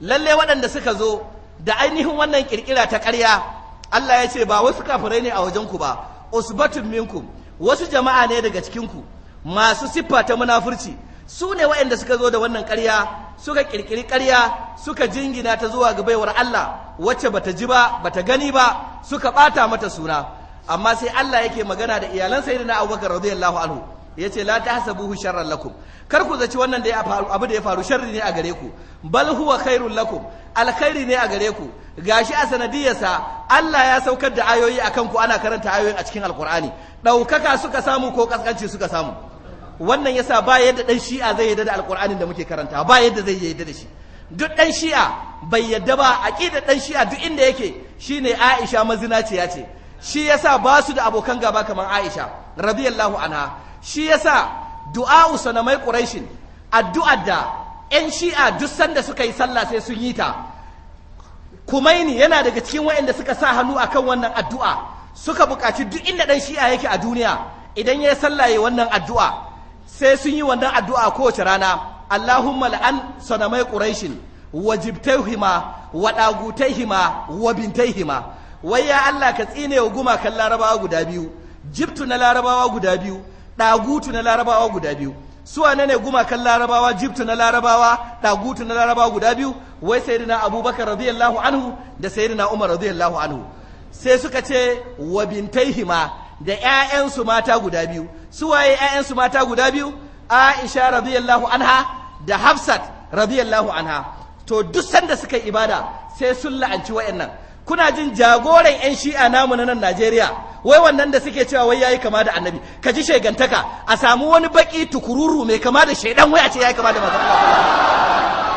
lalle waɗanda suka zo da ainihin wannan kirkira ta ƙarya Allah ya ce ba wasu kafirai ne a wajen ku ba usbatun minkum wasu jama'a ne daga cikin ku masu siffa ta munafurci su ne waɗanda suka zo da wannan karya suka ƙirƙiri karya suka jingina ta zuwa ga baiwar Allah wacce bata ji ba bata gani ba suka ɓata mata suna amma sai Allah yake magana da iyalan sayyidina Abubakar radiyallahu anhu yace la tahsabuhu sharran lakum kar ku zaci wannan da abu da ya faru sharri ne a gare ku bal huwa khairul lakum alkhairi ne a gare ku gashi a sanadiyarsa Allah ya saukar da ayoyi akan ku ana karanta ayoyin a cikin alqur'ani ɗaukaka suka samu ko kaskanci suka samu wannan yasa ba yadda dan shi'a zai yadda da alqur'anin da muke karanta ba yadda zai yadda da shi duk ɗan shi'a bai yadda ba aqida ɗan shi'a duk inda yake shine Aisha mazinaciya ce shi yasa ba su da abokan gaba kamar Aisha radiyallahu anha shi yasa du'a'u sanamai quraishin addu'ar da ƴan shi'a duk sanda suka yi sallah sai sun yi ta kumaini yana daga cikin waɗanda suka sa hannu akan wannan addu'a suka buƙaci duk inda ɗan shi'a yake a duniya idan ya sallaye wannan addu'a sai sun yi wannan addu'a kowace rana Allahumma la'an sanamai quraishin wa jibtaihima wa dagutaihima wa bintaihima wai ya Allah ka tsine wa kan larabawa guda biyu jibtu na larabawa guda biyu dagutu na larabawa guda biyu su wane ne guma kan larabawa jibtu na larabawa dagutu na larabawa guda biyu wai sayyidina abubakar radiyallahu anhu da sayyidina umar radiyallahu anhu sai suka ce wa bintaihima da ‘ya'yansu mata guda biyu su waye ‘ya'yansu mata guda biyu aisha radiyallahu anha da hafsat radiyallahu anha to duk sanda suka yi ibada sai sun la'anci wa'annan kuna jin jagoran 'yan shi'a namu na nan najeriya wai wannan da suke cewa wai yi kama da annabi ka ji shegantaka a samu wani baki tukururu mai kama da shaidan wai a ce yayi kama da manzon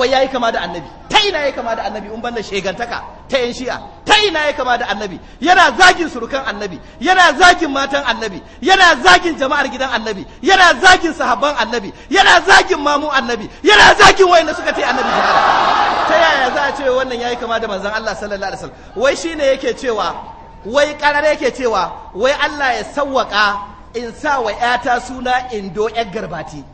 wai yayi kama da annabi ta ina yayi kama da annabi in banda shegantaka ta yan shi'a ta ina yayi kama da annabi yana zagin surukan annabi yana zagin matan annabi yana zagin jama'ar gidan annabi yana zagin sahabban annabi yana zagin mamu annabi yana zagin wayanda suka ce annabi ta yaya za a ce wannan yayi kama da manzon Allah sallallahu alaihi wasallam wai shine yake cewa wai karar yake cewa wai Allah ya sawwaka in sa wa 'yata suna indo 'yar garbati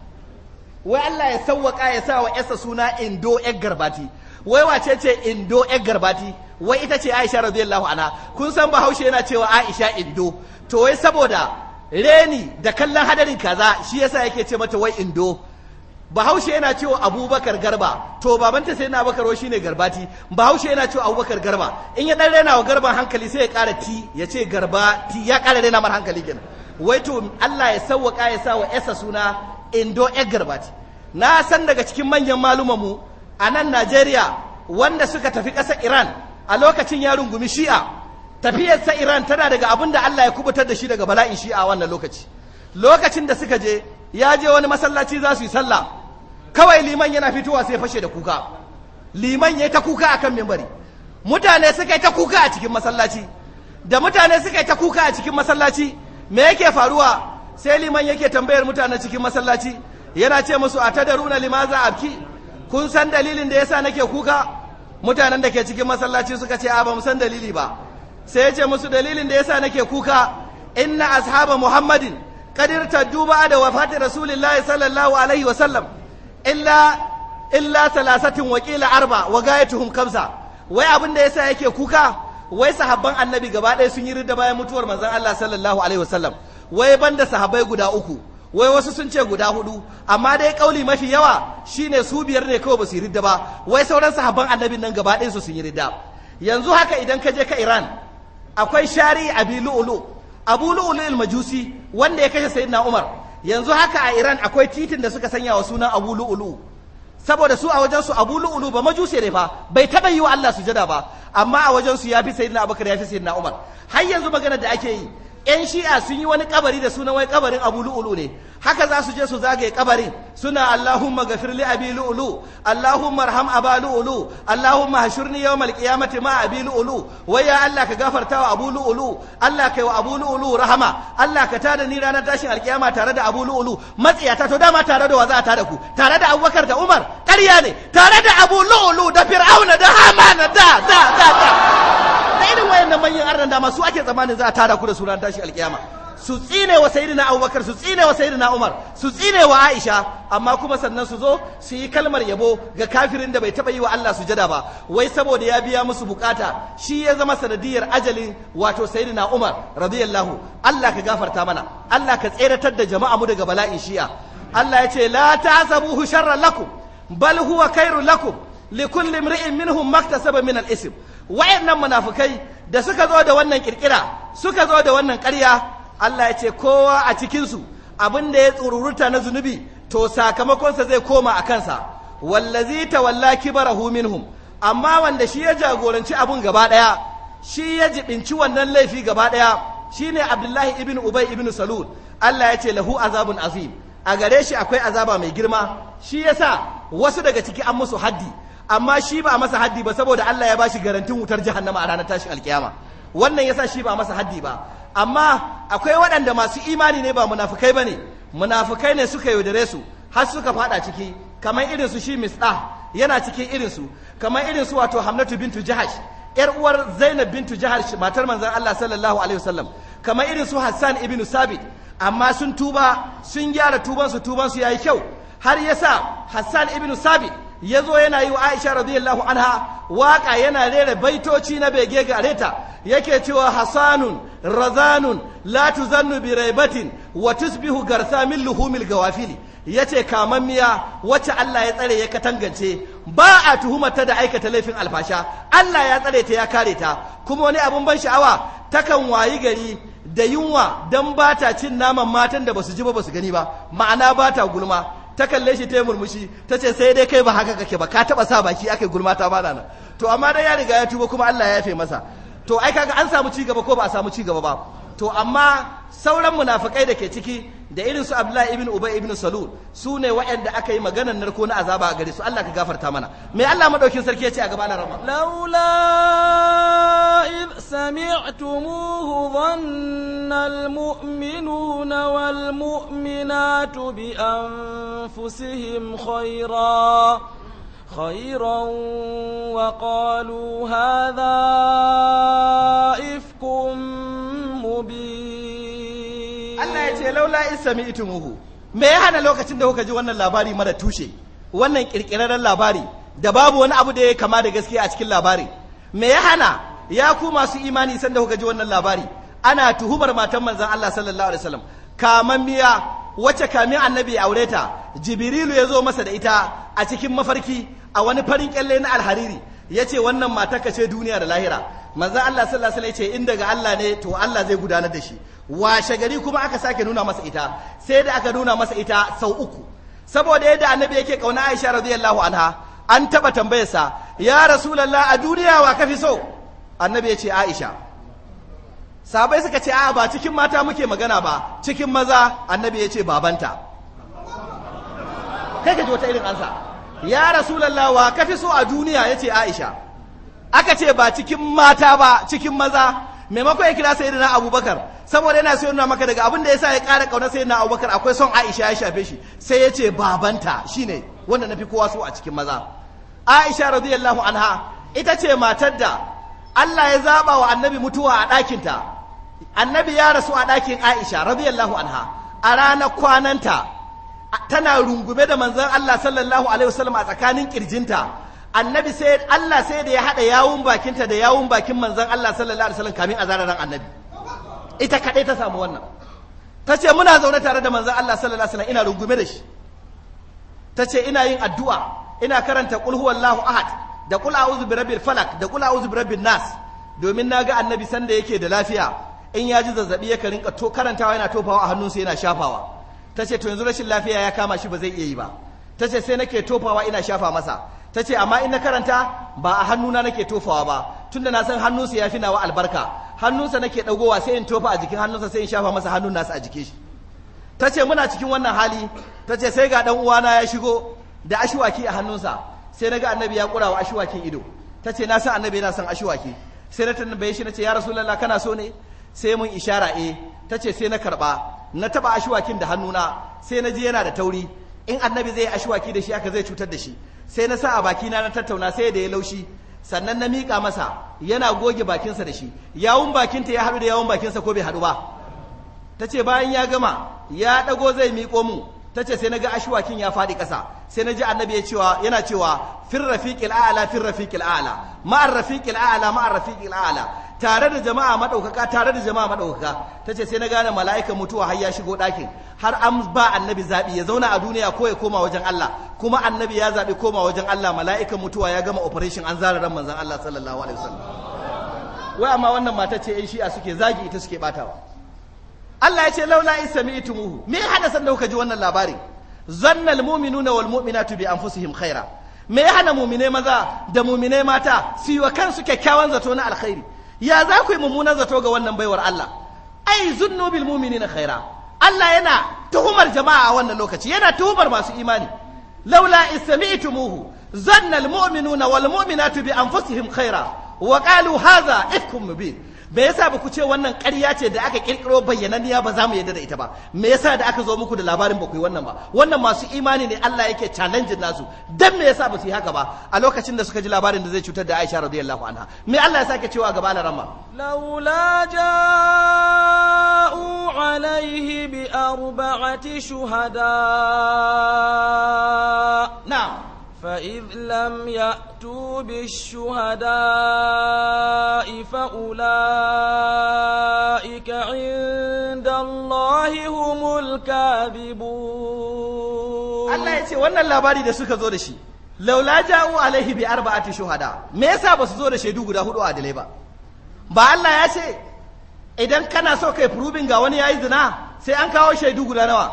wai Allah ya sawwaka ya sa wa yasa suna indo yar garbati wai wace ce indo yar garbati wai ita ce Aisha radiyallahu anha kun san Bahaushe yana cewa Aisha indo to wai saboda reni da kallon hadarin kaza shi yasa yake ce mata wai indo Bahaushe yana cewa Abubakar Garba to babanta sai na Abubakar shi ne garbati Bahaushe yana cewa Abubakar Garba in ya dan rena wa garban hankali sai ya kara ti ya ce garba ti ya kara rena mar hankali kenan wai to Allah ya sawwaka ya sa wa yasa suna indo egarbat na san daga cikin manyan malumanmu a nan najeriya wanda suka tafi ƙasar iran a lokacin ya rungumi shi'a tafiyarsa iran tana daga abin da allah ya kubutar da shi daga bala'in shi'a wannan lokaci lokacin da suka je ya je wani masallaci za su yi sallah kawai liman yana fitowa sai fashe da kuka liman ya yi ta kuka akan mimbari mutane suka yi ta kuka a cikin masallaci da mutane suka yi ta kuka a cikin masallaci me yake faruwa sai liman yake tambayar mutane cikin masallaci yana ce musu a tadaruna limaza abki kun san dalilin da yasa nake kuka mutanen da ke cikin masallaci suka ce a ba mu san dalili ba sai ya ce musu dalilin da yasa nake kuka inna ashaba muhammadin qadir taduba da wafati rasulillahi sallallahu alaihi wa sallam illa illa salasatin wakila arba wa gayatuhum kamsa wai abin da yasa yake kuka wai sahabban annabi gaba ɗaya sun yi ridda bayan mutuwar manzon Allah sallallahu alaihi wa sallam wai banda sahabai guda uku wai wasu sun ce guda hudu amma dai kauli mafi yawa shine su biyar ne kawai basu yi ridda ba wai sauran sahabban annabin nan gaba ɗayan su sun yi ridda yanzu haka idan ka je ka Iran akwai shari abi lu'ulu abu lu'ulu majusi wanda ya kashe sayyidina Umar yanzu haka a Iran akwai titin da suka sanya wa sunan abu lu'ulu saboda su a wajen su abu lu'ulu ba majusi ne fa bai taba yi wa Allah sujada ba amma a wajen su fi sayyidina Abubakar ya fi sayyidina Umar har yanzu magana da ake yi 'yan shi'a sun yi wani kabari da sunan wai kabarin abu lu'ulu ne haka za su je su zagaye kabarin suna Allahumma gafir li abi lu'lu Allahumma arham aba lu'lu Allahumma hashurni yawmal qiyamati ma abi lu'lu waya Allah ka gafarta wa abu lu'lu Allah kai wa abu lu'lu rahama Allah ka tada ni ranar tashin alkiyama tare da abu lu'lu ta to dama tare da wa za ta da ku tare da Abubakar da Umar ƙarya ne tare da abu lu'lu da Fir'auna da Haman da da da da da irin wayannan manyan arnan da masu ake tsammanin za a tada ku da sunan tashin alkiyama su tsine wa sayyidina abubakar su tsine wa sayyidina umar su tsine wa aisha amma kuma sannan su zo su yi kalmar yabo ga kafirin da bai taba yi wa Allah sujada ba wai saboda ya biya musu bukata shi ya zama sanadiyar ajalin wato sayyidina umar radiyallahu Allah ka gafarta mana Allah ka tseratar da jama'a mu daga bala'in shi'a Allah ya ce la tahsabuhu sharran lakum bal huwa khairul lakum likulli imri'in minhum maktasaba min al-ism wa'annan munafikai da suka zo da wannan kirkira suka zo da wannan ƙarya Allah ya ce kowa a cikinsu abin da ya tsururuta na zunubi to sakamakonsa zai koma a kansa wallazi tawalla kibarahu minhum amma wanda shi ya jagoranci abun gaba daya shi ya jibinci wannan laifi gaba daya shine Abdullahi ibn Ubay ibn Salul Allah ya ce lahu azabun azim a gare shi akwai azaba mai girma shi yasa wasu daga ciki an musu haddi amma shi ba a masa haddi ba saboda Allah ya bashi garantin wutar jahannama a ranar tashi alkiyama wannan yasa shi ba masa haddi ba amma akwai waɗanda masu imani ne ba munafukai ba ne munafukai ne suka yaudare su har suka fada ciki kamar irin su shi misɗa yana cikin irin su kamar irin su wato hamnatu bintu jahash yar uwar zainab bintu jahash matar manzon Allah sallallahu alaihi wasallam kamar irin su hassan ibnu sabit amma sun tuba sun gyara tubansu tubansu yayi kyau har yasa hassan ibnu sabit ya zo yana yi wa aisha radiyallahu anha waka yana rera baitoci na bege gare ta yake cewa hasanun razanun la tuzannu bi raibatin wa tusbihu garsamin luhumil gawafili yace miya wacce Allah ya tsare ya katangance ba a ta da aikata laifin alfasha Allah ya tsare ta ya kare ta kuma wani abun ban sha'awa takan wayi gari da yunwa dan bata cin naman matan da basu ji ba basu gani ba ma'ana bata gulma ta kalle shi ta yi murmushi ta ce sai dai kai ba haka kake ba ka taba sa baki aka gulma ta ba nan to amma dai ya riga ya tuba kuma Allah ya yafe masa to ai kaga an samu ci gaba ko ba a samu ci gaba ba to amma sauran munafikai da ke ciki da irin su Abdullahi ibn Ubay ibn Salul su ne waɗanda aka yi maganar narko na azaba a gare su Allah ka gafarta mana me Allah madaukin sarki ya ce a gaban rama laula id sami'tumuhu dhanna almu'minuna wal bi anfusihim khayra wa وقالوا هذا ce laula in sami me ya hana lokacin da kuka ji wannan labari mara tushe wannan kirkirarren labari da babu wani abu da ya kama da gaskiya a cikin labari me ya hana ya ku masu imani san da kuka ji wannan labari ana tuhumar matan manzon Allah sallallahu alaihi wasallam kaman miya wacce kamin annabi ya aure ta jibrilu ya zo masa da ita a cikin mafarki a wani farin kyalle na alhariri ya ce wannan mata ce duniya da lahira manzan Allah sallallahu alaihi wasallam ya ce in daga Allah ne to Allah zai gudanar da shi washe gari kuma aka sake nuna masa ita sai da aka nuna masa ita sau uku saboda yadda annabi yake kauna Aisha radiyallahu anha an taba tambayarsa ya rasulullah a duniya wa kafi so annabi ya ce Aisha sabai suka ce a'a ba cikin mata muke magana ba cikin maza annabi ya ce babanta kai ka ji wata irin ansa ya rasulullah wa kafi so a duniya yace Aisha aka ce ba cikin mata ba cikin maza maimakon ya kira sayyidina abubakar saboda yana so nuna maka daga abin da sa ya ƙara kauna sayyidina abubakar akwai son aisha ya shafe shi sai ya ce babanta shine wanda nafi kowa so a cikin maza aisha radiyallahu anha ita ce matar da Allah ya zaba wa annabi mutuwa a ɗakinta annabi ya rasu a ɗakin aisha radiyallahu anha a ranar kwananta tana rungume da manzon Allah sallallahu alaihi wasallam a tsakanin kirjinta annabi sai Allah sai da ya hada yawun bakinta da yawun bakin manzon Allah sallallahu alaihi wasallam kamin azarar annabi ita kadai ta samu wannan ta ce muna zaune tare da manzon Allah sallallahu alaihi wasallam ina rungume da shi ta ce ina yin addu'a ina karanta qul huwallahu ahad da qul a'udhu birabbil falak da qul a'udhu birabbin nas domin naga annabi sanda yake da lafiya in ya ji zazzabi ya rinka to karantawa yana tofawa a hannunsa yana shafawa ta ce to yanzu rashin lafiya ya kama shi ba zai iya yi ba ta ce sai nake tofawa ina shafa masa ta ce amma in na karanta ba a hannuna nake tofawa ba tunda na san hannunsa ya fi nawa albarka hannunsa nake ɗagowa sai in tofa a jikin hannunsa sai in shafa masa hannun nasa a jikin shi ta ce muna cikin wannan hali ta ce sai ga ɗan uwana ya shigo da ashiwaki a hannunsa sai na ga annabi ya ƙura wa ashiwakin ido ta ce na san annabi yana son ashiwaki sai na tambaye shi na ce ya rasulallah kana so ne sai mun ishara e ta ce sai na karɓa na taɓa ashiwakin da hannuna sai na ji yana da tauri in annabi zai ashwaki da shi aka zai cutar da shi sai na sa a baki na na tattauna sai da ya laushi sannan na miƙa masa yana goge bakinsa da shi yawun bakinta ya haɗu da yawun bakinsa ko bai haɗu ba ta ce bayan ya gama ya ɗago zai miƙo mu ta ce sai na ga ashwakin ya faɗi kasa sai na ji annabi ya cewa yana cewa fir rafiqil a'la fir rafiqil a'la ma'ar rafiqil a'la ma'ar rafiqil a'la tare da jama'a madaukaka tare da jama'a madaukaka ta ce sai na gane mala'ika mutuwa har ya shigo dakin har an ba annabi zabi ya zauna a duniya ko ya koma wajen Allah kuma annabi ya zaɓi koma wajen Allah mala'ika mutuwa ya gama operation an zara ran manzon Allah sallallahu alaihi wasallam wai amma wannan mata ce 'yan shi'a suke zagi ita suke batawa Allah ya ce laula in sami'tumuhu me ya hada sanda kuka ji wannan labarin zannal mu'minuna wal mu'minatu bi anfusihim khaira me ya hana mu'mine maza da mu'mine mata su yi wa kansu kyakkyawan zato na alkhairi ya za ku yi mummunan zato ga wannan baiwar Allah ai zunnu bil mu'minina khaira Allah yana tuhumar jama'a a wannan lokaci yana tuhumar masu imani laula in sami'tumuhu zannal mu'minuna wal mu'minatu bi anfusihim khaira wa qalu hadha ifkum mubin me yasa ba ku ce wannan ƙarya ce da aka ƙirƙiro bayyananniya ba za mu yadda da ita ba me yasa da aka zo muku da labarin ba ku yi wannan ba wannan masu imani ne Allah yake challenging nasu dan me yasa ba su yi haka ba a lokacin da suka ji labarin da zai cutar da Aisha radiyallahu anha me Allah ya sake cewa gaba larama laula ja'u alaihi bi arba'ati shuhada na'am فإذ لم يأتوا بالشهداء فأولئك عند الله هم الكاذبون الله يتي وانا اللاباري دا سكا زور شي لولا جاءوا عليه بأربعة شهداء me yasa ba su zo da shaidu guda hudu a dalai ba ba Allah ya ce idan kana so kai furubin ga wani ya yi zina sai an kawo shaidu guda nawa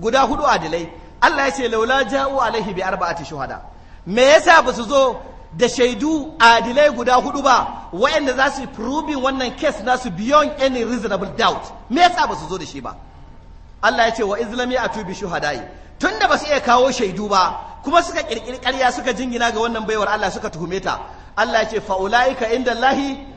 guda hudu a dalai Allah ya ce laula ja'u alaihi bi arba'ati shuhada me yasa ba su zo da shaidu adilai guda hudu ba waɗanda za su prove wannan case nasu beyond any reasonable doubt me yasa ba su zo da shi ba Allah ya ce wa izlami bi shuhadai tunda ba su iya kawo shaidu ba kuma suka kirkiri ƙarya suka jingina ga wannan baiwar Allah suka tuhume ta Allah ya ce fa ulaika indallahi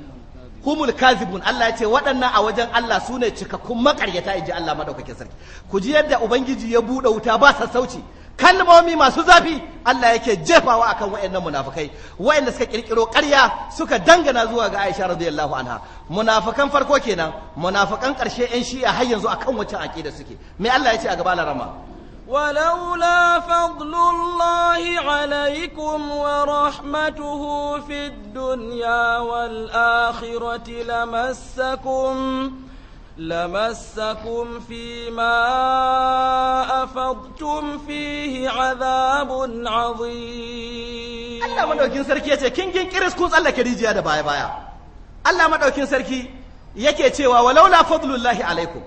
humul kazibun Allah ya ce waɗannan a wajen Allah su ne cikakkun makaryata in ji Allah maɗaukakin sarki ku ji yadda ubangiji ya buɗe wuta ba sassauci kalmomi masu zafi Allah yake jefawa akan waɗannan munafukai waɗanda suka ƙirƙiro ƙarya suka dangana zuwa ga Aisha radiyallahu anha munafukan farko kenan munafukan ƙarshe ƴan shi'a har yanzu akan wacce aqida suke me Allah ya ce a gaba larama ولولا فضل الله wa ورحمته في الدنيا والآخرة لمسكم لمسكم a أفضتم فيه عذاب عظيم Allah madaukin sarki yace kin kin kiris tsallake rijiya da baya baya Allah madaukin sarki yake cewa walaula fadlullahi alaikum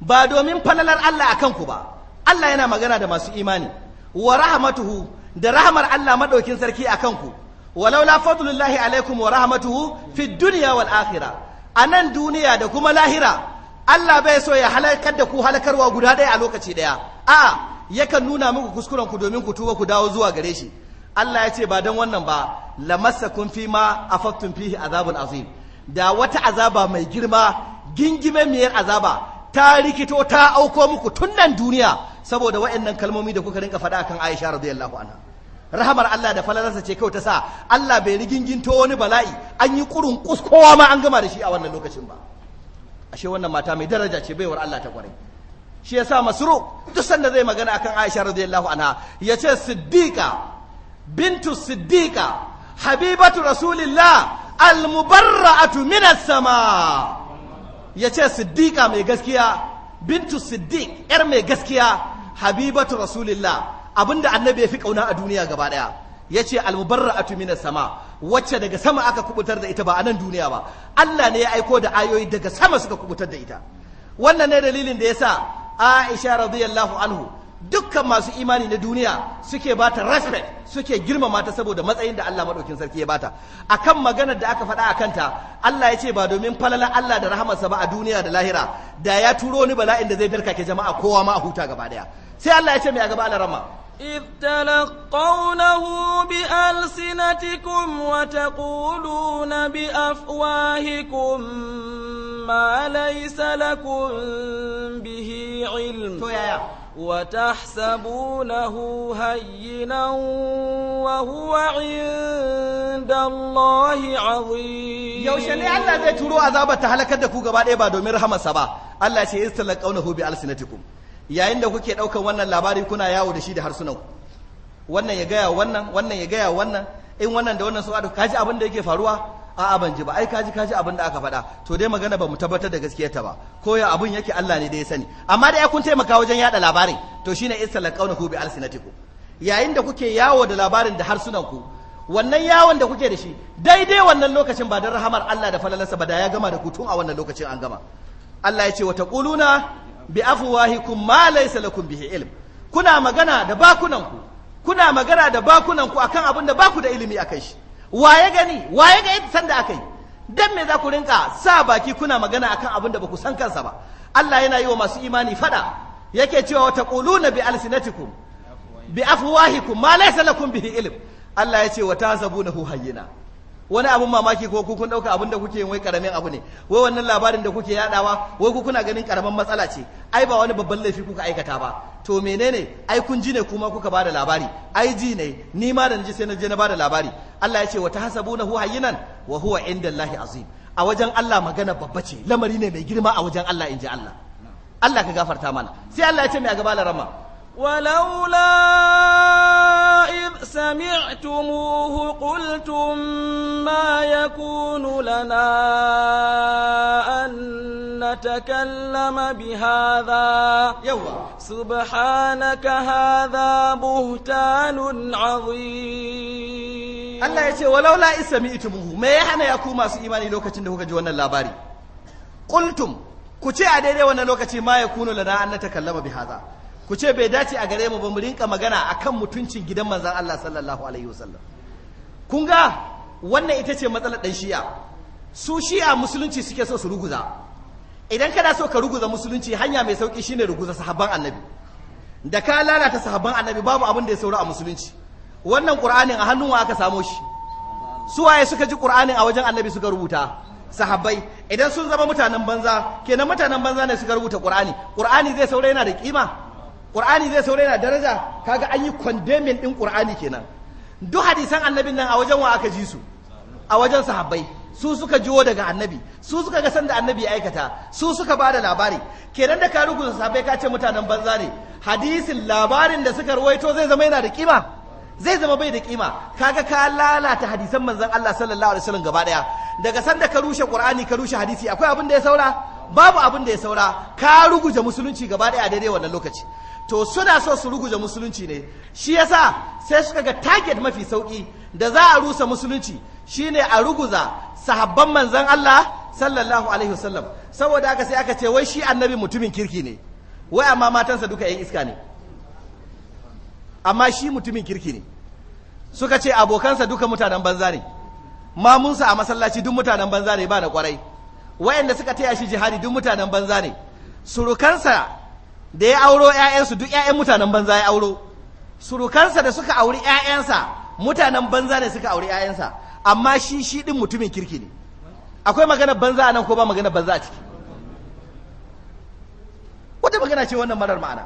ba domin falalar Allah a kanku ba Allah yana magana da masu imani wa rahmatuhu da rahmar Allah madaukin sarki akan ku walaula fadlullahi alaikum wa rahmatuhu fi dunya wal akhirah anan duniya da kuma lahira Allah bai so ya halakar da ku halakarwa guda ɗaya a lokaci ɗaya a yakan nuna muku kuskuren ku domin ku tuba ku dawo zuwa gare shi Allah ya ce ba dan wannan ba lamassakum fi ma afattum fihi azabun azim da wata azaba mai girma gingime miyar azaba ta rikito ta auko muku tun nan duniya saboda waɗannan kalmomi da kuka rinka faɗa kan Aisha radiyallahu anha rahamar Allah da falalarsa ce kawai ta sa Allah bai riginginto wani bala'i an yi kurun kuskowa kowa ma an gama da shi a wannan lokacin ba ashe wannan mata mai daraja ce baiwar Allah ta kwarai shi yasa masruq duk sanda zai magana akan Aisha radiyallahu anha ce siddiqa bintu siddiqa habibatu rasulillah al-mubarra'atu minas sama' ya ce siddiƙa mai gaskiya bintu siddiq ‘yar mai gaskiya habibatu rasulillah abinda annabi ya fi ƙauna a duniya gaba ɗaya ya ce almubarra a sama wacce daga sama aka kubutar da ita ba a nan duniya ba Allah ne ya aiko da ayoyi daga sama suka kubutar da ita wannan ne dalilin da ya sa Aisha radiyallahu anhu dukkan masu imani na duniya suke bata respect suke girmama ta saboda matsayin da Allah madaukin sarki ya bata akan maganar da aka faɗa a kanta Allah ya ce ba domin falalan Allah da rahamarsa ba a duniya da lahira da ya turo ni bala'in da zai darkake jama'a kowa ma a huta gaba daya sai Allah ya ce mai a gaba alarama إذ تلقونه بألسنتكم وتقولون بأفواهكم ما ليس لكم به علم وتحسبونه هينا وهو عند الله عظيم yaushe ne Allah zai turo azabar ta halakar da ku gaba ɗaya ba domin rahamarsa ba Allah ce istalqawnahu bi alsinatikum yayin da kuke ɗaukan wannan labari kuna yawo da shi da harsunanku wannan ya gaya wannan wannan ya gaya wannan in wannan da wannan su kaji abin da yake faruwa a'a ban ji ba ai kaji kaji abin da aka faɗa to dai magana ba mu tabbatar da ta ba ko ya abin yake Allah ne da ya sani amma da ya kun taimaka wajen yada labarin to shine ku bi alsinatikum yayin da kuke yawo da labarin da harsunan ku wannan yawon da kuke da shi daidai wannan lokacin ba don rahamar Allah da falalarsa ba da ya gama da ku tun a wannan lokacin an gama Allah ya ce wa taquluna bi afwahikum ma laysa lakum bihi ilm kuna magana da bakunan ku kuna magana da bakunan ku akan abin da baku da ilimi akan shi Wa ya gani waye ga yadda sanda aka yi dan me za ku rinka sa baki kuna magana akan abin da baku san kansa ba Allah yana yi wa masu imani fada yake cewa wata taquluna bi alsinatikum bi afwahikum ma laysa lakum bihi ilm Allah ya ce wa tasabunahu hayyina wani abun mamaki ko kun ɗauka abin da kuke yin wai karamin abu ne wai wannan labarin da kuke yadawa wai ku kuna ganin karamin matsala ce ai ba wani babban laifi kuka aikata ba to menene ai kun ji ne kuma kuka bada labari ai ji ne ni ma da ji sai na je na bada labari Allah ya ce wa tahsabunahu hayyinan wa huwa indallahi azim a wajen Allah magana babba ce lamari ne mai girma a wajen Allah inji Allah Allah ka gafarta mana sai Allah ya ce mai a gaba larama ولولا إذ سمعتموه قلتم ما يكون لنا أن نتكلم بهذا يوه. سبحانك هذا بهتان عظيم الله يقول ولولا إذ سمعتموه ما يحنى يكون ما سيماني لوكة لوكة جوانا اللاباري قلتم ku ce a daidai wannan lokaci ma ya kunu lana an na takallama bi haza ku ce bai dace a gare mu ba mu rinka magana akan mutuncin gidan manzon Allah sallallahu alaihi wasallam kun ga wannan ita ce matsalar dan shi'a su shi'a musulunci suke so su ruguza idan kana so ka ruguza musulunci hanya mai sauki shine ruguza sahabban annabi da ka lalata sahabban annabi babu abin da ya saura a musulunci wannan qur'anin a hannun wa aka samo shi suwaye suka ji qur'anin a wajen annabi suka rubuta sahabbai idan sun zama mutanen banza kenan mutanen banza ne suka rubuta qur'ani qur'ani zai saura yana da kima ƙur'ani zai saurai na daraja kaga an yi kwandemin ɗin ƙur'ani kenan duk hadisan annabin nan a wajen wa aka ji su a wajen sahabbai su suka jiwo daga annabi su suka ga sanda annabi ya aikata su suka ba da labari kenan da ka su sahabbai ka ce mutanen banza ne hadisin labarin da suka ruwaito zai zama yana da kima zai zama bai da kima kaga ka lalata hadisan manzon Allah sallallahu alaihi wasallam gaba daya daga sanda ka rushe qur'ani ka rushe hadisi akwai abin da ya saura babu abin da ya saura ka ruguje musulunci gaba daya a daidai wannan lokaci to suna so su ruguje musulunci ne shi yasa sai suka ga target mafi sauki da za a rusa musulunci shine a ruguza sahabban manzan Allah sallallahu alaihi wasallam saboda haka sai aka ce wai shi annabi mutumin kirki ne wai amma matansa duka yan iska ne amma shi mutumin kirki ne suka ce abokansa duka mutanen banza ne mamunsa a masallaci duk mutanen banza ne ba na kwarai wayanda suka taya shi jihadi duk mutanen banza ne surukansa da ya auro 'ya'yansu duk 'ya'yan mutanen banza ya auro surukansa da suka auri 'ya'yansa mutanen banza ne suka auri 'ya'yansa amma shi shi ɗin mutumin kirki ne akwai magana banza a nan ko ba magana banza a ciki wata magana ce wannan marar ma'ana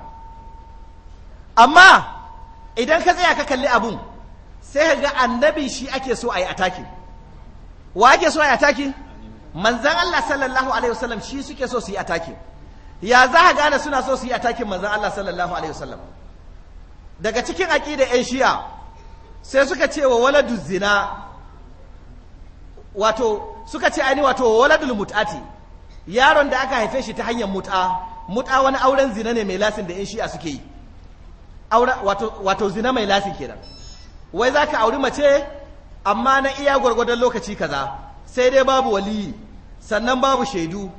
amma idan ka tsaya ka kalli abun sai ka ga annabi shi ake so a yi wa ake so a yi manzan Allah sallallahu alaihi wasallam shi suke so su yi ataki ya za a gane suna so su yi atakin manzon Allah sallallahu alaihi wasallam daga cikin da yan shi'a sai suka ce wa waladu zina wato suka ce aini wato waladul mut'ati yaron da aka haife shi ta hanyar mut'a mut'a wani auren zina ne mai lasin da yan shi'a suke yi wato, wato zina mai lasin kenan wai za ka auri mace amma na iya gwargwadon lokaci kaza sai dai babu waliyi sannan babu shaidu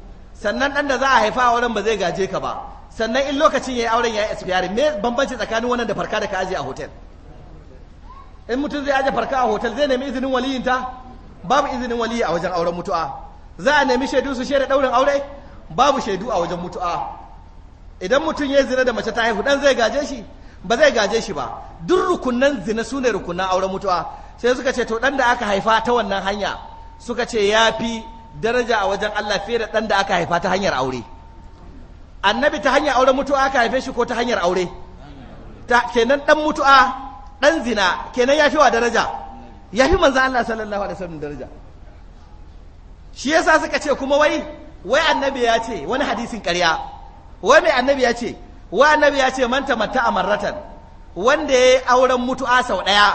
sannan ɗan da za a haifa a wurin ba zai gaje ka ba sannan in lokacin ya yi auren ya yi expire me bambanci tsakanin wannan da farka da ka aje a hotel in mutum zai aje farka a hotel zai nemi izinin ta babu izinin waliyi a wajen auren mutu'a za a nemi shaidu su shaida ɗaurin aure babu shaidu a wajen mutu'a idan mutum ya zina da mace ta haihu dan zai gaje shi ba zai gaje shi ba duk rukunan zina su ne rukunan auren mutu'a sai suka ce to dan da aka haifa ta wannan hanya suka ce ya fi daraja a wajen Allah fiye da ɗan da aka haifa ta hanyar aure annabi ta hanyar auren mutu'a aka haife shi ko ta hanyar aure kenan ɗan mutu'a ɗan zina kenan ya fi wa daraja ya fi manzan Allah sallallahu alaihi wasallam daraja shi yasa suka ce kuma wai wai annabi ya ce wani hadisin karya. wai mai annabi ya ce wai annabi ya ce manta manta a marratan wanda ya yi auren mutu'a sau ɗaya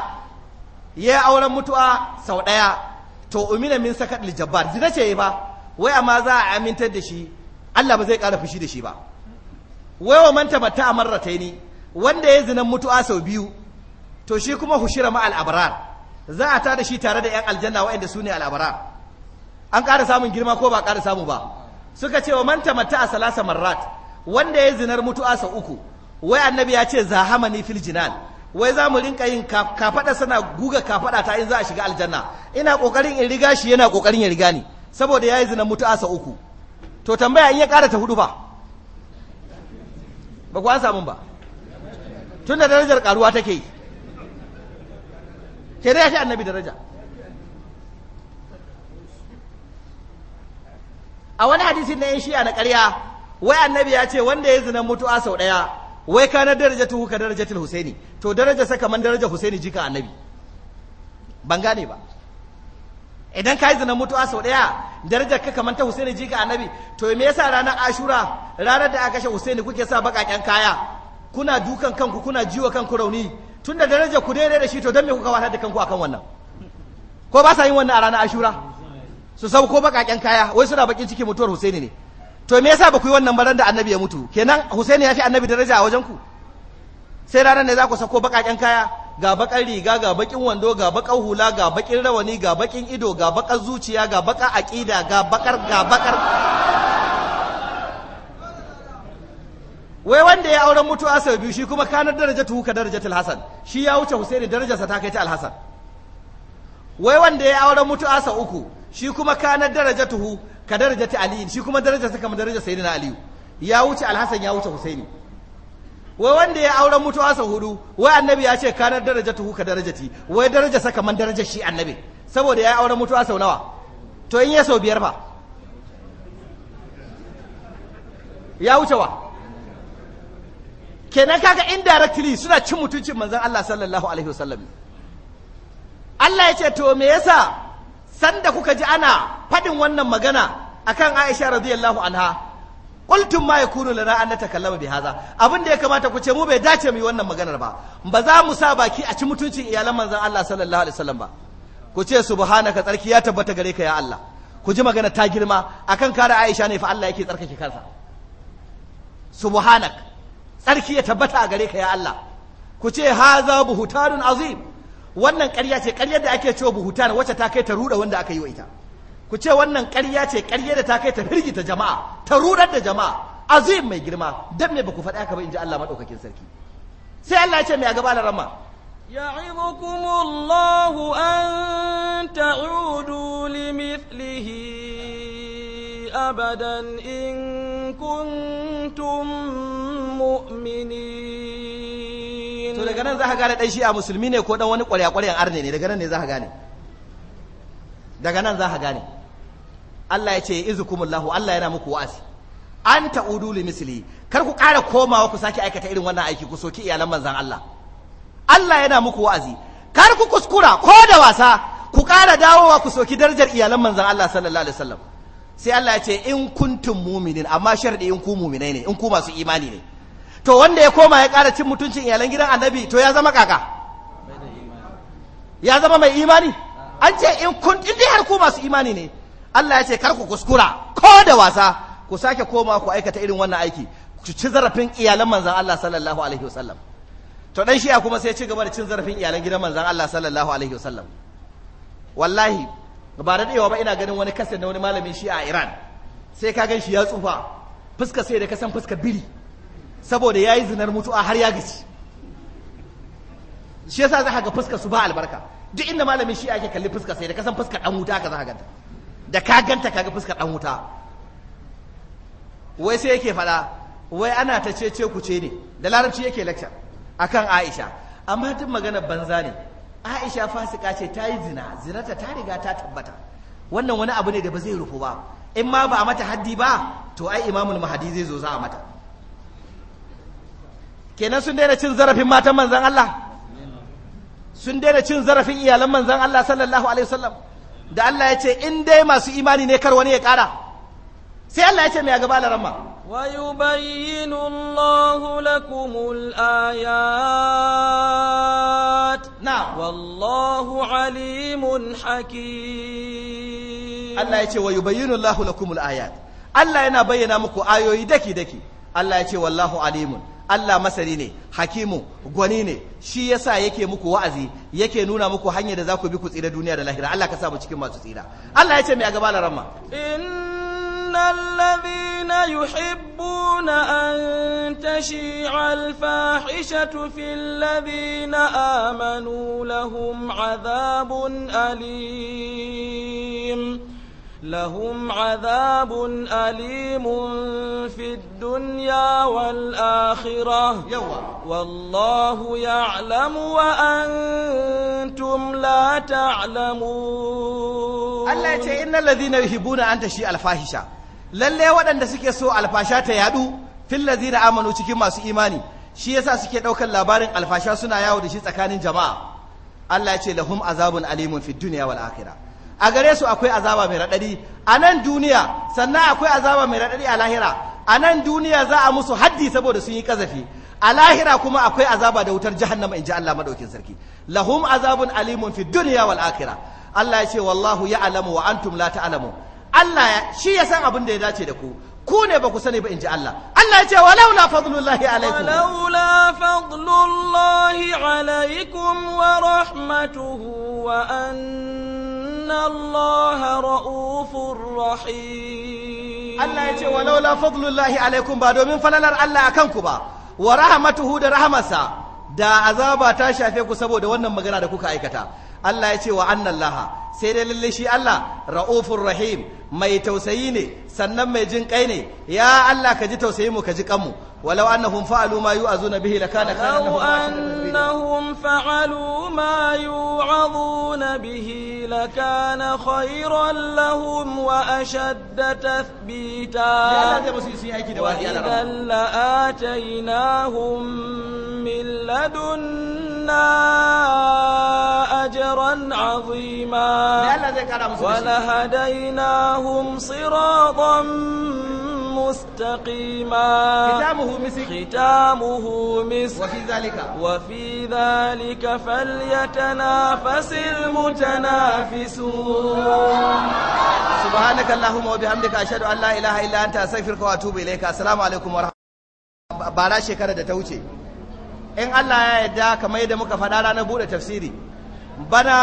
ya yi auren mutu'a sau ɗaya to umina min sakat jabbar zina ce ba wai amma za a amintar da shi Allah ba zai ƙara fushi da shi ba wai wa manta batta amarrata ne wanda ya zinan mutuwa sau biyu to shi kuma hushira ma al'abrar za a tada shi tare da 'yan aljanna waɗanda su ne al'abrar an ƙara samun girma ko ba ƙara samu ba suka ce wa manta mata a salasa marrat wanda ya zinar mutuwa sau uku wai annabi ya ce zahamani fil jinan wai za mu rinka yin kafaɗa sana guga kafaɗa ta in za a shiga aljanna ina ƙoƙarin in riga shi yana ƙoƙarin ya riga ni saboda ya yi zina mutu asa uku to tambaya in ya ƙara ta hudu ba ba ku an samun ba tun da darajar ƙaruwa take yi ke da ya shi annabi daraja a wani hadisi na yin shi'a na ƙarya wai annabi ya ce wanda ya zina mutu sau ɗaya wai kana tuhu ka daraja til husaini to daraja sa kaman daraja husaini jika annabi ban gane ba idan ka yi zinan mutuwa sau ɗaya darajar ka kamanta ta husaini jika annabi to me yasa ranar ashura ranar da aka kashe husaini kuke sa baƙaƙen kaya kuna dukan kanku kuna jiwa kanku rauni tun da darajar ku daidai da shi to don me kuka wahalar da kanku akan wannan ko ba sa yin wannan a ranar ashura su sauko baƙaƙen kaya wai suna baƙin ciki mutuwar husaini ne to me yasa ba ku yi wannan baran da annabi ya mutu kenan husaini ya fi annabi daraja a wajen ku sai ranar ne za ku sako baƙaƙen kaya ga bakar riga ga baƙin wando ga bakar hula ga baƙin rawani ga baƙin ido ga bakar zuciya ga bakar aƙida ga baƙar ga baƙar wai wanda ya auren mutu a biyu shi kuma kanar darajatu ka darajatul hasan shi ya wuce husaini darajarsa ta kai ta alhasan wai wanda ya auren mutuwa sau uku shi kuma kana darajatuhu ka darajati ali shi kuma darajarsa kamar darajar sayyidina ali ya wuce Alhassan ya wuce husaini wai wanda ya auren mutuwa sau hudu wai annabi ya ce kanar darajatuhu ka darajati wai sa kamar darajar shi annabi saboda ya auren mutuwa sau nawa to in ya sau biyar fa ya wuce wa kenan kaga indirectly suna cin mutuncin manzon Allah sallallahu alaihi wasallam Allah ya ce to me yasa sanda kuka ji ana faɗin wannan magana akan Aisha radiyallahu anha qultum ma yakunu lana an natakallama bi hadha abin da ya kamata ku ce mu bai dace mu yi wannan maganar ba ba za mu sa baki a ci mutuncin iyalan manzon Allah sallallahu alaihi wasallam ba ku ce subhanaka tsarki ya tabbata gare ka ya Allah ku ji magana ta girma akan kare Aisha ne fa Allah yake tsarkake kansa subhanak tsarki ya tabbata a gare ka ya Allah ku ce haza buhutanun azim wannan karya ce ƙaryar da ake cewa buhutan wacce ta kai ta ruɗa wanda aka yi wa ita ku ce wannan ƙarya ce ƙarya da ta kai ta firgita jama'a ta rudar da jama'a azim mai girma dan me baku faɗa ka ba ji Allah madaukakin sarki sai Allah ya ce mai a gaba da rama يعظكم الله أن تعودوا لمثله أبدا إن nan za ka gane ɗan a musulmi ne ko ɗan wani ƙwarya-ƙwaryan arne ne daga nan ne za ka gane daga nan za ka gane Allah ya ce izukumullahu Allah yana muku wa'azi an ta'udu li misli kar ku ƙara komawa ku sake aikata irin wannan aiki ku soki iyalan manzan Allah Allah yana muku wa'azi kar ku kuskura ko da wasa ku ƙara dawowa ku soki darajar iyalan manzan Allah sallallahu alaihi wasallam sai Allah ya ce in kuntum mu'minin amma sharadi in ku mu'minai ne in ku masu imani ne to wanda ya koma ya ƙara cin mutuncin iyalan gidan annabi to ya zama kaka ya zama mai imani an ce in kun in har masu imani ne Allah ya ce kar ku kuskura ko da wasa ku sake koma ku aikata irin wannan aiki ku ci zarafin iyalan manzon Allah sallallahu alaihi wasallam to dan shiya kuma sai ya ci gaba da cin zarafin iyalan gidan manzon Allah sallallahu alaihi wasallam wallahi ba da daewa ba ina ganin wani kasan na wani malamin shi a Iran sai ka gan shi ya tsufa fuska sai da kasan fuska biri saboda ya yi zinar mutuwa har ya gaci shi yasa za ga fuskar su ba albarka duk inda malamin shi ake kalli fuskar sai da kasan fuskar dan wuta ka za ganta da ka ganta ka ga fuskar dan wuta wai sai yake fada wai ana ta cece ku ce ne da larabci yake lecture akan Aisha amma duk magana banza ne Aisha fasika ce ta yi zina zinarta ta riga ta tabbata wannan wani abu ne da ba zai rufu ba in ma ba a mata haddi ba to ai imamul mahadi zai zo za a mata kenan sun daina cin zarafin matan manzan Allah sun daina cin zarafin iyalan manzan Allah sallallahu alaihi wasallam da Allah ya ce in dai masu imani ne kar wani ya kara sai Allah ya ce mai gaba larama wa yubayyinu Allahu lakumul ayat na wallahu alimun hakim Allah ya ce wa yubayyinu Allahu lakumul ayat Allah yana bayyana muku ayoyi daki daki Allah ya ce wallahu alimun Allah masari ne hakimu gwani ne shi yasa yake muku wa'azi yake nuna muku hanyar da za ku bi ku tsira duniya da lahira Allah ka sa mu cikin masu tsira Allah ya ce mai a gaba ramma innal ladhina yuhibbuna an tashi'a al-fahishatu fil ladhina amanu lahum adhabun alim لهم عذاب أليم في الدنيا والآخرة والله يعلم وأنتم لا تعلمون الله يتعي إن الذين يحبون أن تشيء الفاحشة lalle waɗanda suke so alfasha ta yadu fillazi da amanu cikin masu imani shi yasa suke ɗaukar labarin alfasha suna yawo da shi tsakanin jama'a Allah ya ce lahum azabun alimun fid dunya wal akhirah a gare su akwai azaba mai raɗaɗi a nan duniya sannan akwai azaba mai raɗaɗi a lahira a nan duniya za a musu haddi saboda sun yi kazafi a lahira kuma akwai azaba da wutar jahannama in ji Allah maɗaukin sarki lahum azabun alimun fi duniya wal akhira Allah ya ce wallahu ya'lamu wa antum la ta'lamu Allah shi ya san abin da ya dace da ku ku ne ba ku sani ba in ji Allah Allah ya ce walaula fadlullahi alaikum walaula fadlullahi alaikum wa rahmatuhu wa إن الله رؤوف رحيم الله يتي ولولا فضل الله عليكم بعد من فللر wa rahmatuhu da rahamarsa da azaba ta shafe ku saboda wannan magana da kuka aikata Allah ya ce wa annallaha sai dai lalle shi Allah ra'ufur rahim mai tausayi ne sannan mai jin kai ne ya Allah ka ji tausayi mu ka ji kanmu walau annahum fa'alu ma yu'azuna bihi lakana kana lahum annahum fa'alu ma yu'azuna bihi lakana khayran lahum wa ashadda tathbita wa idan la'atainahum min ladunna ajran 'azima ولهديناهم صراطا مستقيما ختامه مسك ختامه مسك وفي ذلك وفي ذلك فليتنافس المتنافسون سبحانك اللهم وبحمدك اشهد ان لا اله الا انت استغفرك واتوب اليك السلام عليكم ورحمه bara shekara da ta wuce in Allah ya yarda kamar yadda muka faɗa ranar bude tafsiri bana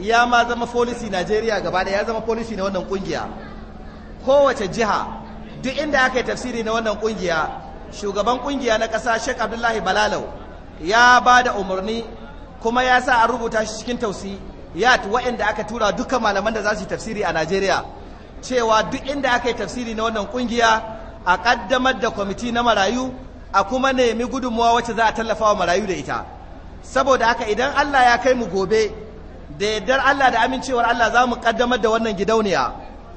ya ma zama policy Najeriya gaba da ya zama policy na wannan kungiya kowace jiha duk inda aka yi tafsiri na wannan kungiya shugaban kungiya na ƙasa Sheikh Abdullahi Balalau ya ba da umarni kuma ya sa a rubuta shi cikin tausi ya waɗanda aka tura duka malaman da za su yi tafsiri a Najeriya cewa duk inda aka yi tafsiri na wannan kungiya a ƙaddamar da kwamiti na marayu a kuma nemi gudunmuwa wacce za a tallafa wa marayu da ita saboda haka idan Allah ya kai mu gobe da yardar Allah da amincewar Allah za mu kaddamar da wannan gidauniya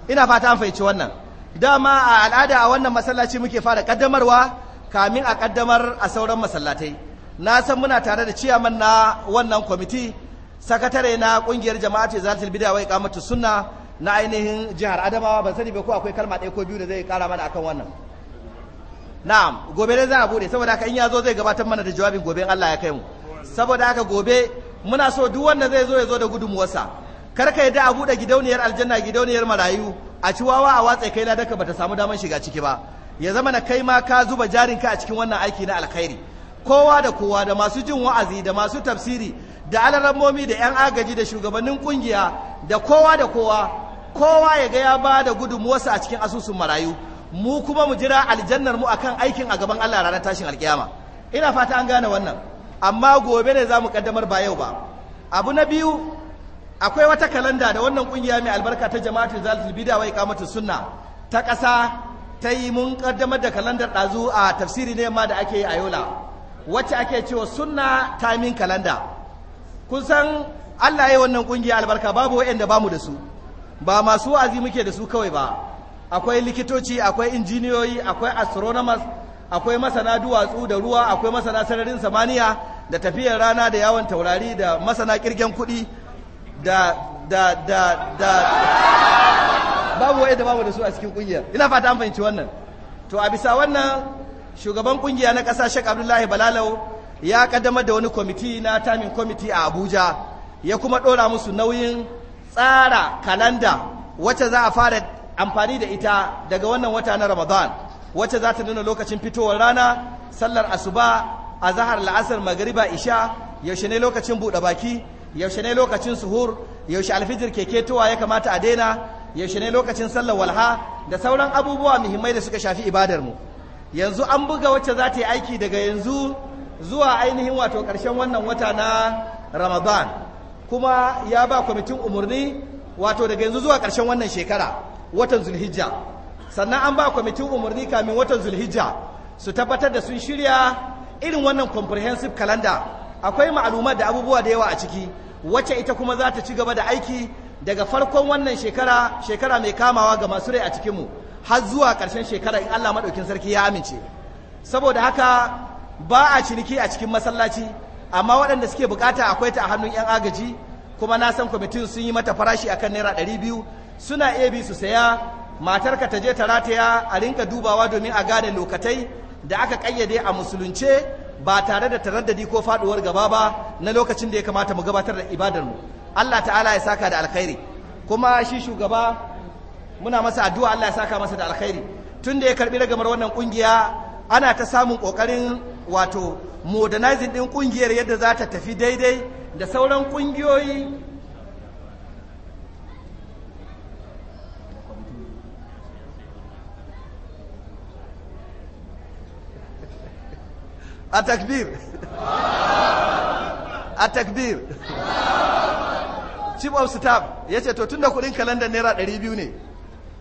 ina fata an fahimci wannan dama a al'ada a wannan masallaci muke fara kaddamarwa kamin a kaddamar a sauran masallatai na san muna tare da ciyaman na wannan kwamiti sakatare na kungiyar jama'atu zalatul bid'a wai kamatu sunna na ainihin jihar Adamawa ban sani ba ko akwai kalma ɗaya ko biyu da zai kara mana akan wannan na'am gobe dai za a bude saboda haka in ya zo zai gabatar mana da jawabin gobe Allah ya kai mu saboda haka gobe muna so duk wanda zai zo ya zo da gudunmuwarsa kar ka yadda a buɗe gidauniyar aljanna gidauniyar marayu a ci wawa a watsa kai na daka bata samu damar shiga ciki ba ya zama na kai ma ka zuba jarin ka a cikin wannan aiki na alkhairi kowa da kowa da masu jin wa'azi da masu tafsiri da alarammomi da 'yan agaji da shugabannin kungiya da kowa da kowa kowa ya ga ya ba da gudunmuwarsa a cikin asusun marayu mu kuma mu jira aljannar mu akan aikin a gaban Allah ranar tashin alkiyama ina fata an gane wannan amma gobe ne za mu kaddamar ba yau ba abu na biyu akwai wata kalanda da wannan kungiya mai albarka ta jama'atu zalatul bid'a wa iqamatus sunna ta ƙasa ta yi mun kaddamar da kalandar ɗazu a tafsiri ne ma da ake yi a yola wacce ake cewa sunna timing kalanda kun Allah ya yi wannan kungiya albarka babu wa'anda bamu da su ba masu wa'azi muke da su kawai ba akwai likitoci akwai injiniyoyi akwai astronomers akwai masana duwatsu da ruwa akwai masana sararin samaniya da tafiyar rana da yawon taurari da masana kirgen kuɗi da da da da babu da babu da su a cikin kungiyar ina fata an fahimci wannan to a bisa wannan shugaban kungiya na ƙasa Sheikh Abdullahi Balalau ya kaddamar da wani kwamiti na tamin kwamiti a Abuja ya kuma ɗora musu nauyin tsara kalanda wacce za a fara amfani da ita daga wannan wata na Ramadan wacce za ta nuna lokacin fitowar rana sallar asuba a zahar la'asar magariba isha yaushe ne lokacin buɗe baki yaushe ne lokacin suhur yaushe alfijir keke towa ya kamata a daina yaushe ne lokacin sallar walha da sauran abubuwa muhimmai da suka shafi ibadar mu yanzu an buga wacce za ta yi aiki daga yanzu zuwa ainihin wato ƙarshen wannan wata na ramadan kuma ya ba kwamitin umarni wato daga yanzu zuwa ƙarshen wannan shekara watan zulhijja sannan an ba kwamitin umarni kamin watan zulhijja su tabbatar da sun shirya irin wannan comprehensive calendar akwai ma'aluma da abubuwa da yawa a ciki wacce ita kuma za ta ci gaba da aiki daga farkon wannan shekara shekara mai kamawa ga masu rai a cikinmu har zuwa ƙarshen shekara in Allah maɗaukin sarki ya amince saboda haka ba a ciniki a cikin masallaci amma waɗanda suke bukata akwai ta a hannun 'yan agaji kuma na san kwamitin sun yi mata farashi akan naira 200 suna iya bi su saya matarka ta je ta rataya a rinka dubawa domin a gane lokatai da aka kayyade a musulunce ba tare da taraddadi ko faduwar gaba ba na lokacin da ya kamata mu gabatar da ibadar mu Allah ta'ala ya saka da alkhairi kuma shi shugaba muna masa addu'a Allah ya saka masa da alkhairi tun da ya karbi ragamar wannan kungiya ana ta samun kokarin wato modernizing din kungiyar yadda za ta tafi daidai da sauran kungiyoyi atakbir atakbir chief of staff ya ce to tunda kudin kalandar naira 200 ne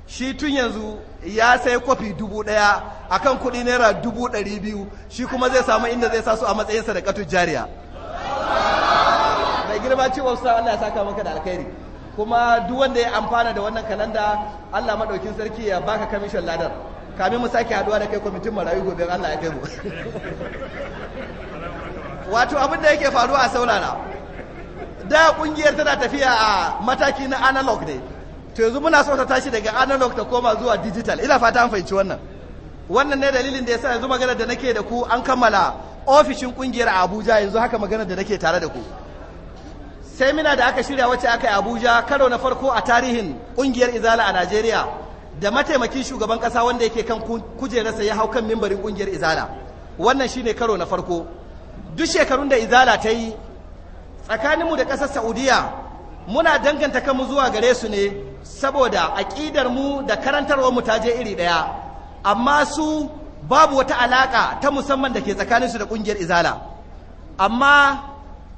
shi tun yanzu ya sai kofi dubu daya akan kudi naira dubu ɗari biyu shi kuma zai samu inda zai sa su a da sadakatu jariya mai girma chief of staff Allah ya saka maka da alkhairi kuma duk wanda ya amfana da wannan kalanda Allah madaukin sarki ya baka kamishin ladar kamin mu sake haduwa da kai kwamitin marayu gobe Allah ya kai mu wato abin da yake faruwa a saulana da kungiyar tana tafiya a mataki na analog ne to yanzu muna so ta tashi daga analog ta koma zuwa digital ina fata an fahimci wannan wannan ne dalilin da yasa yanzu magana da nake da ku an kammala ofishin kungiyar a Abuja yanzu haka magana da nake tare da ku semina da aka shirya wacce aka yi Abuja karo na farko a tarihin kungiyar Izala a Najeriya da mataimakin shugaban kasa wanda yake kan kujerarsa ya hau kan mimbarin kungiyar izala wannan shine karo na farko duk shekarun da izala ta yi tsakaninmu da ƙasar saudiya muna danganta kanmu zuwa gare su ne saboda aƙidar mu da karantarwar mu ta je iri ɗaya amma su babu wata alaƙa ta musamman da ke su da ƙungiyar izala amma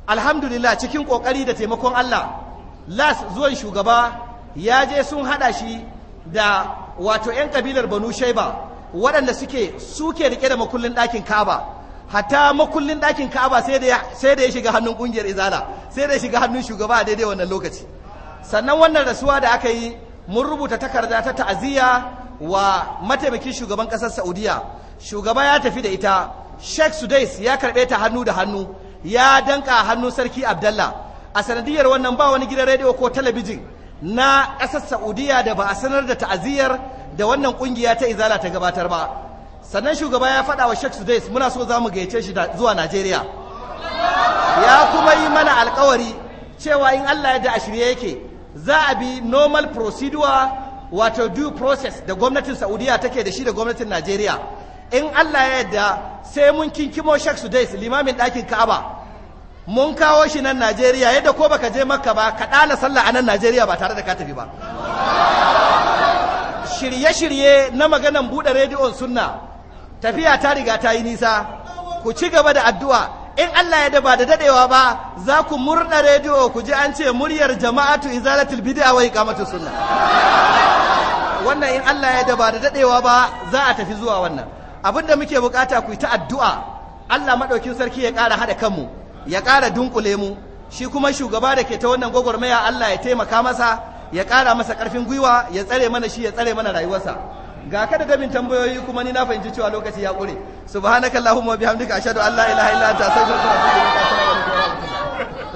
alhamdulillah cikin ƙoƙari da taimakon allah las zuwan shugaba ya je sun haɗa shi da wato 'yan kabilar banu shaiba waɗanda suke suke rike da makullin ɗakin kaba hata makullin ɗakin kaba sai da ya shiga hannun ƙungiyar izala sai da ya shiga hannun shugaba a daidai wannan lokaci sannan wannan rasuwa da aka yi mun rubuta takarda ta ta'aziyya wa mataimakin shugaban ƙasar Saudiyya, shugaba ya tafi da ita sheikh sudais ya karɓe ta hannu da hannu ya danƙa hannun sarki abdallah a sanadiyar wannan ba wani gidan rediyo ko talabijin na ƙasar saudiya da ba a sanar da ta'aziyar da wannan ƙungiya ta izala ta gabatar ba sannan shugaba ya faɗa wa sheikh sudais muna so za mu gayyace shi zuwa najeriya ya kuma yi mana alkawari cewa in allah ya da ashirye shirye yake za a bi normal procedure wato due process da gwamnatin saudiya take da shi da gwamnatin najeriya in allah ya yarda sai mun kinkimo sheikh sudais limamin ɗakin ka'aba mun kawo shi nan Najeriya yadda ko baka je Makka ba ka ɗala sallah a nan Najeriya ba tare da ka tafi ba shirye-shirye na maganan buɗe rediyon sunna tafiya ta riga ta yi nisa ku ci gaba da addu'a in Allah ya daba da dadewa ba za ku murna rediyo ku ji an ce muryar jama'atu izalatul bid'a wa iqamatus sunna wannan in Allah ya daba da dadewa ba za a tafi zuwa wannan abinda muke bukata ku yi ta addu'a Allah madaukin sarki ya ƙara hada kanmu ya ƙara dunkule mu shi kuma shugaba da ke ta wannan gwagwarmaya Allah ya taimaka masa ya ƙara masa ƙarfin gwiwa ya tsare mana shi ya tsare mana rayuwarsa ga kada da tambayoyi kuma ni na fahimci cewa lokaci ya ƙure subhanakallahumma wa bihamdika ashhadu an la ilaha illa anta astaghfiruka wa atubu ilaik